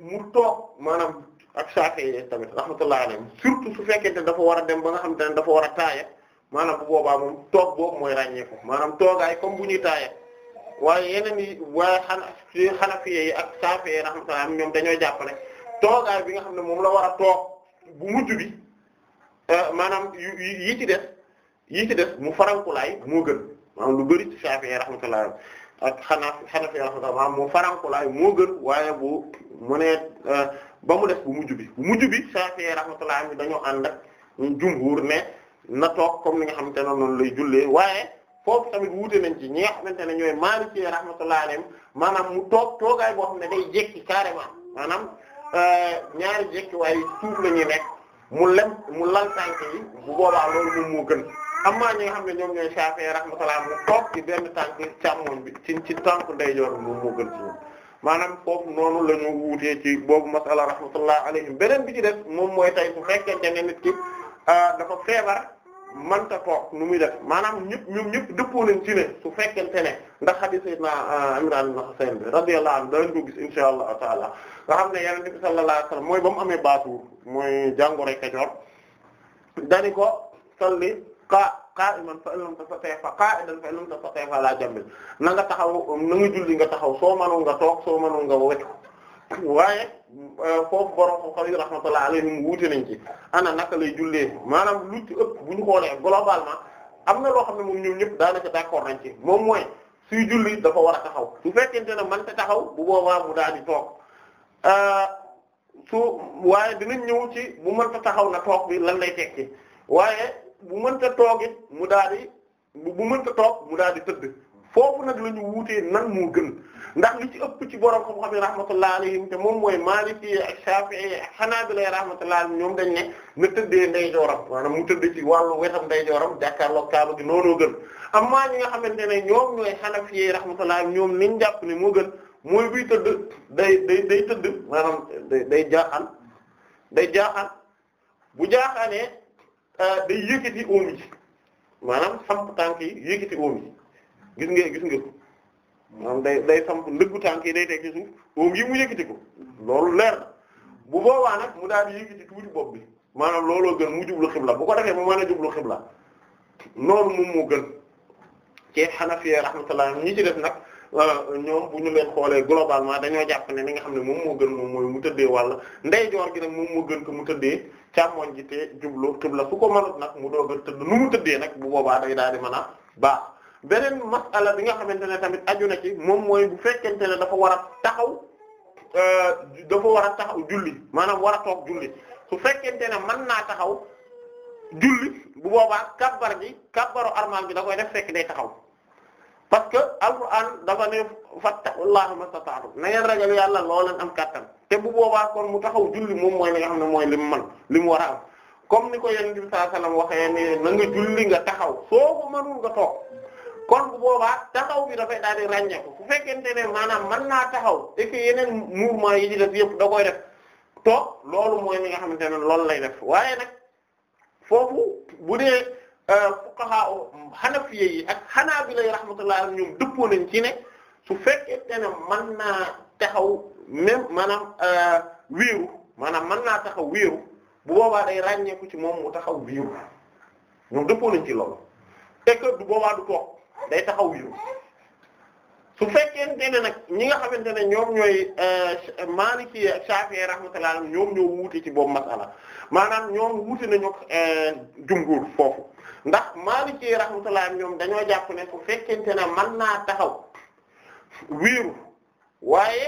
mu toog maanaam ak Shafi'i tamit rahmatullah alayhim surtout su fekkente dafa war a dem ba nga xamante ne dafa war a taaye maanaam boobaa moom toog boobu mooy ràññeeku maanaam toogaay comme bu ñuy taaya waaye yeneen yi waaye xana xanafiye yi ak saafee rahmatullah ñoom dañoo bi nga xam ne moom la war a toog bu bi euh, maanaam yi ci def yi ci def mu farankulaay moo gën maanaam lu bari ci saafee rahmatullah ak xanaa xanafiye mu farankulaay moo gën waaye bu mu nee euh, ba mu def bu mujj bi bu mujj bi saafee rahmatullah dañoo ànd ak jumhuur ne na toog comme ni nga xamante ne noonu lay jullee waaye foofu tamit wuute nañ ci ñi nga xamante ne ñooy Maliki rahmatullahi alayhim maanaam mu toog toogaay boo xam ne day jekki carrément maanaam euh, ñaari jekki waaye suuf la ñuy nekk mu lem mu lal tànk bu boobaa loolu moom gën amaa ñi nga xam ne ñoom ñooy Shafi'i rahmatullah mu toog ci benn tànk càmmoñ bi ci ci tànk ndeyjoor moom moo gën ci maanaam foofu noonu la ñu wuutee ci boobu masala rahmatullah alayhim beneen bi ci def moom mooy tey su fekkente ne nit ki euh, dafa feebar manta toog nu muy def maanaam ñëpp ñoom ñëpp dëppoo nañ ci ne su fekkente ne ndax hadith sayyidina euh, Imran ibn Husayn bi radiyallahu anhu dañ ko gis insha allah taala nga xam ne yonent bi sallallahu alayhi wasallam mooy ba mu amee baatuur mooy jàngoroy Kajoor dani ko salli qa qa'iman fa in lam tastati' fa qa'idan fa in lam tastati' na nga taxaw na nga julli nga taxaw soo mënoon nga toog soo mënoon nga wéccu waaye euh, foofu borom ko xam yi rahmatullah alayhim wuute nañ ci ana naka lay jullee maanaam lu ci ëpp bu ñu xoolee globalement am na loo xam ne moom ñoom ñëpp daanaka d'accord nañ ci moom mooy suy julli dafa war a taxaw su fekkente ne man te taxaw bu boobaa mu daal di toog euh, su waaye dinañ ñëw ci bu mënta taxaw na toog bi lan lay tekki waaye bu mënta toog it mu daal di bu mënta toog mu daal di tëdd foofu nag la ñu wuutee nan mu gën ndax li ci ëpp ci borom xam-xam yi rahmatullahi alayhim te moom mooy Maliki a Shafi'i ak Hanabila rahmatullahi ñoom dañ ne na tëddee ndeyjooram maanaam mu tëdd ci wàllu wetam ndeyjooram jàkkaarloo Kaaba gi noonu gën amma ñi nga xamante ne ñoom ñooy Hanafi rahmatullahi alayhim ñoom niñ jàpp ne moo gën mooy buy tëdd day day tëdd maanaam day day jaaxaan day jaaxaan bu jaaxaanee euh, day yëkkati oom yi maanaam samp tànk yi yëkkati oom gis nga gis nga moom day day samp ndëggu tànk yi day teg ci suuf moom yi mu yëkkati ko loolu leer bu boobaa nag mu daal di yëkkati tuuti bopp bi maanaam looloo gën mu jublu xibla bu ko defee mu mën a jublu xibla noonu moom moo gën ci Hanafiya rahmatullah ñi ci def nag euh, ñoom bu ñu leen xoolee globalement dañoo jàpp ne li nga xam ne moom moo gën moom mooy mu tëddee wàll ndeyjoor gi nag moom moo gën ko mu tëddee càmmoñ gi te jublu xibla su ko mënut nag mu doog a tëdd nu mu tëddee nag bu boobaa day daal di mën a baax beneen masala bi nga xamante ne tamit aju na ci moom mooy bu fekkente ne dafa war a taxaw euh, dafa war a taxaw julli maanaam war a toog julli su fekkente ne mën naa taxaw julli bu boobaa kabbar gi kabbaru armal bi da koy def fekk day taxaw parce que alquran dafa ne fattaqullaha mastata'tum na ngeen ragal yàlla loo leen am kàttan te bu boobaa kon mu taxaw julli moom mooy li nga xam ne mooy lim man li mu war a am comme ni ko yonent bi sallallahu alayhi wasallam waxee ne na nga julli nga taxaw soo ko mënul nga toog kon bu boobaa taxaw bi dafay daal di ràññeeku bu fekkente ne maanaam mën naa taxaw et que yeneen mouvement yi di def yëpp da koy def loolu mooy li nga xamante ne loolu lay def waaye nag foofu bu dee euh, fuqaha hanafiyye yi ak hanabila yi rahmatullah ñoom dëppoo nañ ci ne su fekkente ne mën naa taxaw même maanaam euh, wéeru maanaam mën naa taxaw wéeru bu boobaa day ràññeeku ci moom taxaw wéeru dëppoo nañ ci loolu et que du boobaa du toog. day taxaw yiw su fekkee ne nag ñi nga xamante ne ñoom ñooy euh, Maliki ak Shafi'i rahmatullah ñoom ñoo wuute ci boobu masala maanaam ñoom wuute nañu ak euh, jumhur foofu ndax Maliki rahmatullah ñoom dañoo jàpp ne su fekkente ne mën naa taxaw wiiru waaye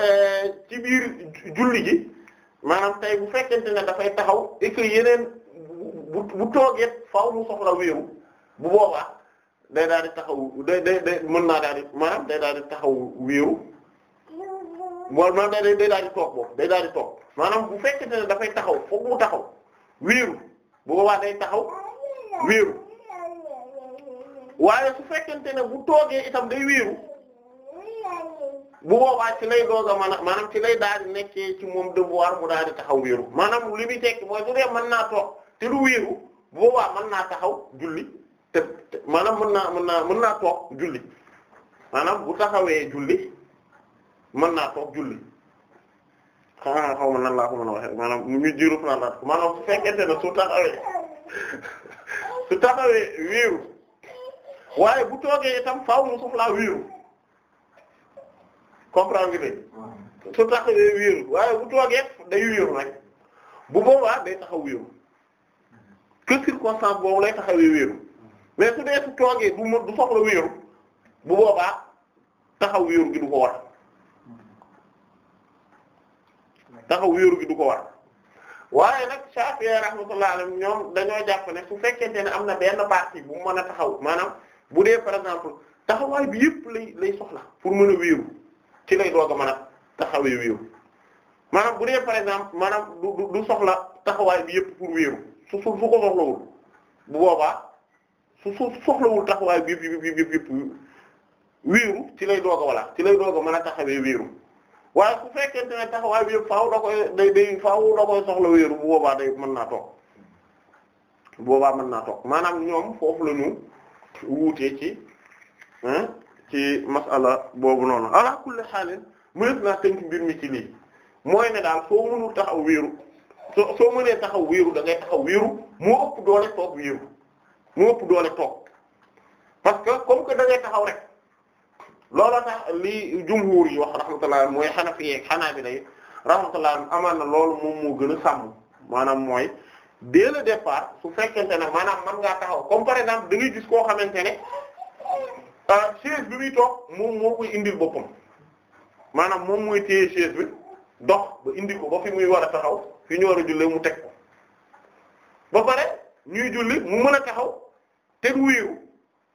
euh, ci biir julli gi maanaam tey bu fekkente ne dafay taxaw et yeneen bu bu toogee faaw soxla wiiru bu boobaa. day daal di taxaw day day day mën naa daal di maanaam day daal taxaw wéeru wala maanaam day day daal daal di toog maanaam bu fekkente ne dafay taxaw foog mu taxaw wéeru bu boobaa day taxaw wéeru waaye su fekkente ne bu toogee itam day wéeru bu boobaa ci lay doog a mën maanaam ci lay daal di nekkee ci moom devoir mu daal di taxaw wéeru maanaam li muy tekki mooy su dee mën naa toog te du wéeru bu boobaa naa taxaw julli. te maanaam mën naa mën naa mën naa toog julli maanaam bu taxawee julli mën naa toog julli xanaa xaw ma nan laa ko mën a waxee maanaam ñu jiiru planlaat ko maanaam su fekkente ne su taxawee su taxawee wiiru waaye bu toogee itam faaw mu soxlaa wiiru comprendre nga mm-hmm. su taxawee wiiru waaye bu toogee day wiiru rek bu boobaa day taxaw wiiru que circonstance boobu lay taxawee wiiru mais su dee su toogee du mu du soxla wéeru bu boobaa taxaw wéeru gi du ko war taxaw wéeru gi du ko war waaye nag Shafi'i rahmatullahi alayhi ñoom dañoo jàpp ne su fekkente ne am na benn partie bu mën a taxaw maanaam bu dee par exemple taxawaay bi yëpp lay lay soxla pour mën a wéeru ci lay doog a mën a taxawee wéeru maanaam bu dee par exemple maanaam du du soxla taxawaay bi yëpp pour wéeru su su su ko soxlawul bu boobaa su soxlawul taxawaay bi yëpp yëpp yëpp ci lay doog a walla ci lay doog mën a taxawee wéeru waaye su fekkee ne taxawaay bi yëpp faaw da koy day day faaw da koy soxla wéeru boobaa day mën naa toog bu boobaa mën naa toog maanaam ñoom foofu lañu ñu ci ci masala boobu noonu ala kulli xaalin mënees naa tënk mbir mi ci lii mooy ne daal soo mënul taxaw wiiru soo soo mënee taxaw wéeru da taxaw wéeru moo ëpp doole toog wéeru moo ëpp doole toog parce que comme que da taxaw rek looloo tax li jumhuur yi wax rahmatullah mooy xanafi yeeg xanaabila yi rahmatullah amaan na loolu moom moo gën a sàmm maanaam mooy dès le départ su fekkente ne maanaam mën ngaa taxaw comme par exemple da ngay gis koo xamante ne ah, chaise bi muy toog moom moo koy indil boppam maanaam moom mooy téye chaise bi dox ba indi ko ba fi muy war a taxaw fi ñu war a jullee mu teg ko ba pare ñuy julli mu mën a taxaw. te du wéeru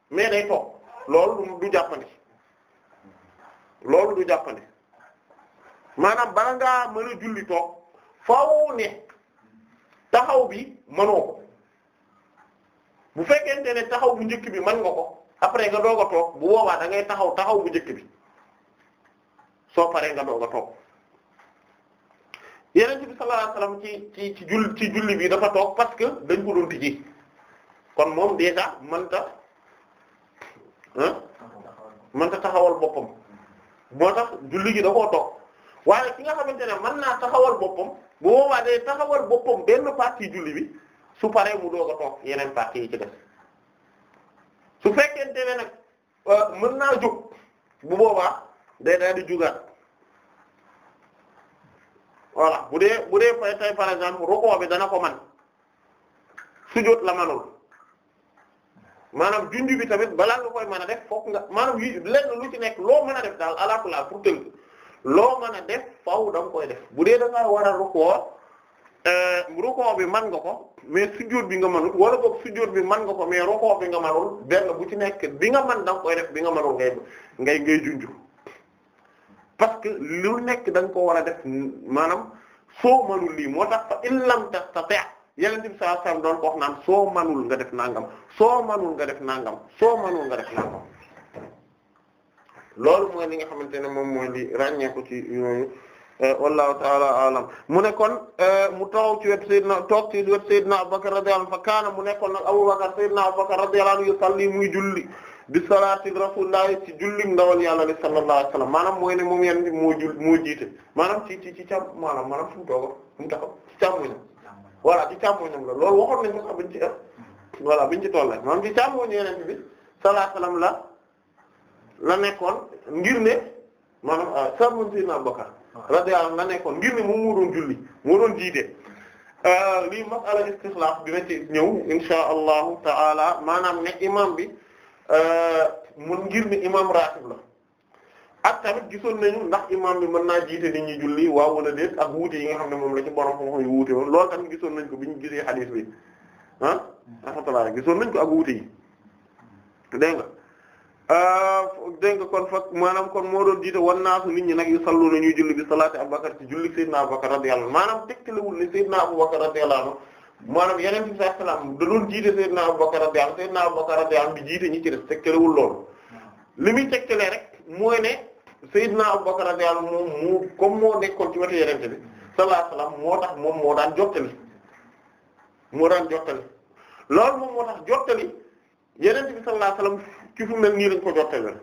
mais day toog loolu du jàppandi maanaam bala ngaa mën a julli toog faaw taxaw bi mënoo ko bu fekkente ne taxaw bu njëkk bi man nga ko après nga doog a toog bu boobaa da ngay taxaw taxaw bu njëkk bi soo paree nga doog a toog yeneen bi ci ci ci julli ci julli bi dafa toog parce que dañ ko doon tijji kon moom déjà mënta ah mënta taxawal boppam moo tax julli gi da koo toog waaye ki nga xamante ne mën naa taxawal boppam bu boobaa day taxawal boppam benn partie julli bi su paree mu doog a toog yeneen partie yi su fekkee ne nag euh, mën naa jóg bu boobaa day daal di jugaat voilà bu dee bu dee tay par exemple rukoo bi dana ko man sujjóot la manul maanaam junj bi tamit balaa nga koy mën a def fokk nga maanaam li lu ci nekk loo mën a def daal ala kulaa pour tënk loo man a def faaw da nga koy def bu dee da ngaa war a rukkoo euh, rukkoo bi mën nga ko mais sujjóot bi nga mënul wala boog sujjóot bi mën nga ko mais rukkoo bi nga mënul benn bu ci nekk bi nga mën da nga koy def bi nga mënul ngay ngay ngay junj parce que lu nekk da koo war a def maanaam soo mënul lii moo tax fa in lam tastati' yeneen bi sallallahu alayhi wasallam doon ko wax soo manul nga def nangam soo manul nga def nangam soo manul nga loolu li nga xamante ne moom mooy li ràññeeku ci yooyu eh, wallahu taala alam mu ne kon eh, mu taxaw ci wet Seydina toog ci wet Seydina Abubakar radiyallahu anhu fa kaana mu nekkoon nag Abubakar Seydina Abubakar radiyallahu anhu yusalli muy julli bi salaati rasulillahi ci julli ndawal yàlla li sallallahu alayhi wasallam maanaam mooy ne moom yenn moo jul moo jiite maanaam ci ci ci càm maanaam maanaam fu mu tooga fu voilà ci càmmoñam la loolu waxoon nañ ko sax buñ ci def voilà buñ ci toll moom ci càmmoñu yeneen bi sallallahu alayhi wasallam la la nekkoon ngir ne maanaam euh, càmmoñ Seydina Abubakar radiyallahu anhu la nekkoon ngir ne moom moo doon julli moo doon jiite euh, lii masala istixlaaf dina ci ñëw insha allahu taala maanaam ne imam bi euh, mun ngir ne imam raatib la ak tamit gisoon nañu ndax imam bi mën naa jiite nit ñi julli waaw wala déet ak wuute yi nga xam ne moom la ci borom xam-xam yu wuute woon loolu tamit gisoon nañ ko bi ñu gisee xadiis bi ah alhamdulilah gisoon nañ ko ak wuute yi dégg nga euh, dégg nga kon fak maanaam kon moo doon jiite wan naasu nit ñi nag yu sallu na ñuy julli bi salaati Abubakar ci julli Seydina Abubakar radiyallahu anhu maanaam tegtalewul ni Seydina Abubakar radiyallahu anhu maanaam yeneen bi sallallahu alayhi wasallam da doon jiite bi jiite ñi ci def tegtalewul loolu li muy tegtalee rek mooy ne Seydina Abubakar radiyallahu anhu moom mu comme moo nekkoon ci wetu Yonent bi sallallahu alayhi moo tax moom moo daan jottali moo daan jottali lool moom moo tax jottali Yonent bi sallallahu alayhi wasallam ci fu nii lañ ko jottali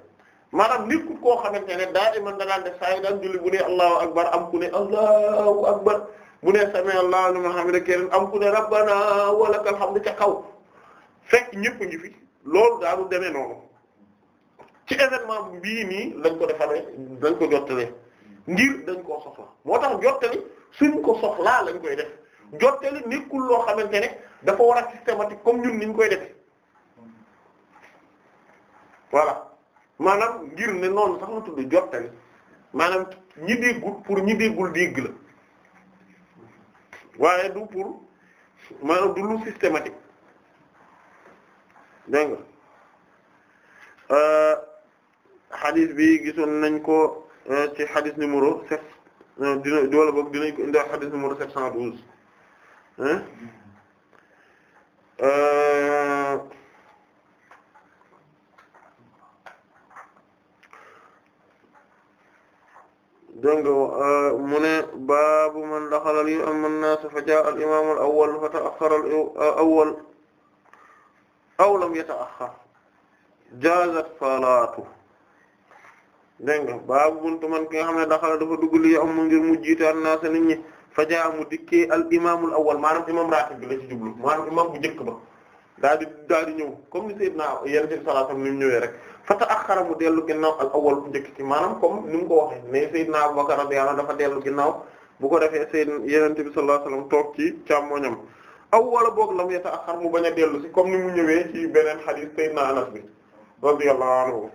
maanaam nit ku koo xamante ne daa di mën da daan def saa yi daan julli bu ne Allahu akbar am ku Allahu akbar bu ne sami Allahu liman hamida keneen am ku ne rabbana wa lakal hamdu ca kaw fekk ñëpp ngi fi loolu daanu demee noonu. ci événement bii nii lañ ko defaree dañ ko jottalee ngir dañ ko soxla moo tax jottali suñ ko soxlaa lañ koy def jottali nekkul loo xamante ne dafa war a systématique comme ñun niñ koy def voilà maanaam ngir ne noonu sax la tudd jottali maanaam ñi déggul pour ñi déggul dégg la waaye du pour maanaam du lu systématique dégg xadis bi gisoon nañ ko euh, ci xadis numéro sept euh, dina doole boog dinañ ko indi xadis numéro sept cent douze euh, dégg nga mu ne baabu man daxala al amma an-naas fa jaa al imaam al awwal fa ta'axxara al awwal aw lam yata'axxar jaazat salaatuhu dégg nga baabu buntu man ki nga xam ne daxala dafa dugg li am mu ngir mu jiite annaas nit ñi fajaa mu dikkee al imaamul awwal maanaam imam ratib bi la ci jublu maanaam bu njëkk ba daal di daal di ñëw comme ni Seydina Yonent bi sallallahu alayhi wasallam ñëwee rek fa ta'akhkhara mu dellu ginnaaw al awwal bu njëkk ci maanaam comme ni mu ko waxee mais Seydina Abu Bakr radiyallahu anhu dafa dellu ginnaaw bu ko defee Seydina Yonent bi sallallahu alayhi wasallam toog ci càmmoñam aw wala boog lam yata'akhkhar mu bañ a dellu si comme ni mu ñëwee ci beneen hadith Seydina Anas bi radiyallahu anhu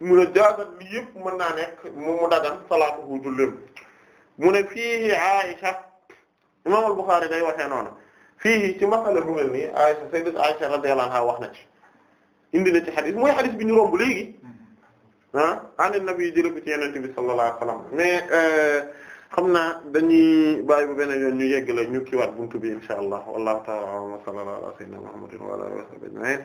mu ne jaasat li yëpp mën naa nekk mu mu dagan salaatuhu julleem mu ne fiihi Aisha imam al-Bukhari day waxee noonu fiihi ci masala bu mel nii Aisha sayyidat Aisha radiyallahu anha wax na ci indi na ci xadis mooy xadis bi ñu romb léegi ah anen nabi jële ci yenente bi sallallahu mais euh, xam naa dañuy bàyyi bu beneen yoon ñu yegg la ñu kiiwaat buntu bi insha allah wallahu ta'ala wa sallallahu ala sayyidina Muhammadin wa ala alihi wa sahbihi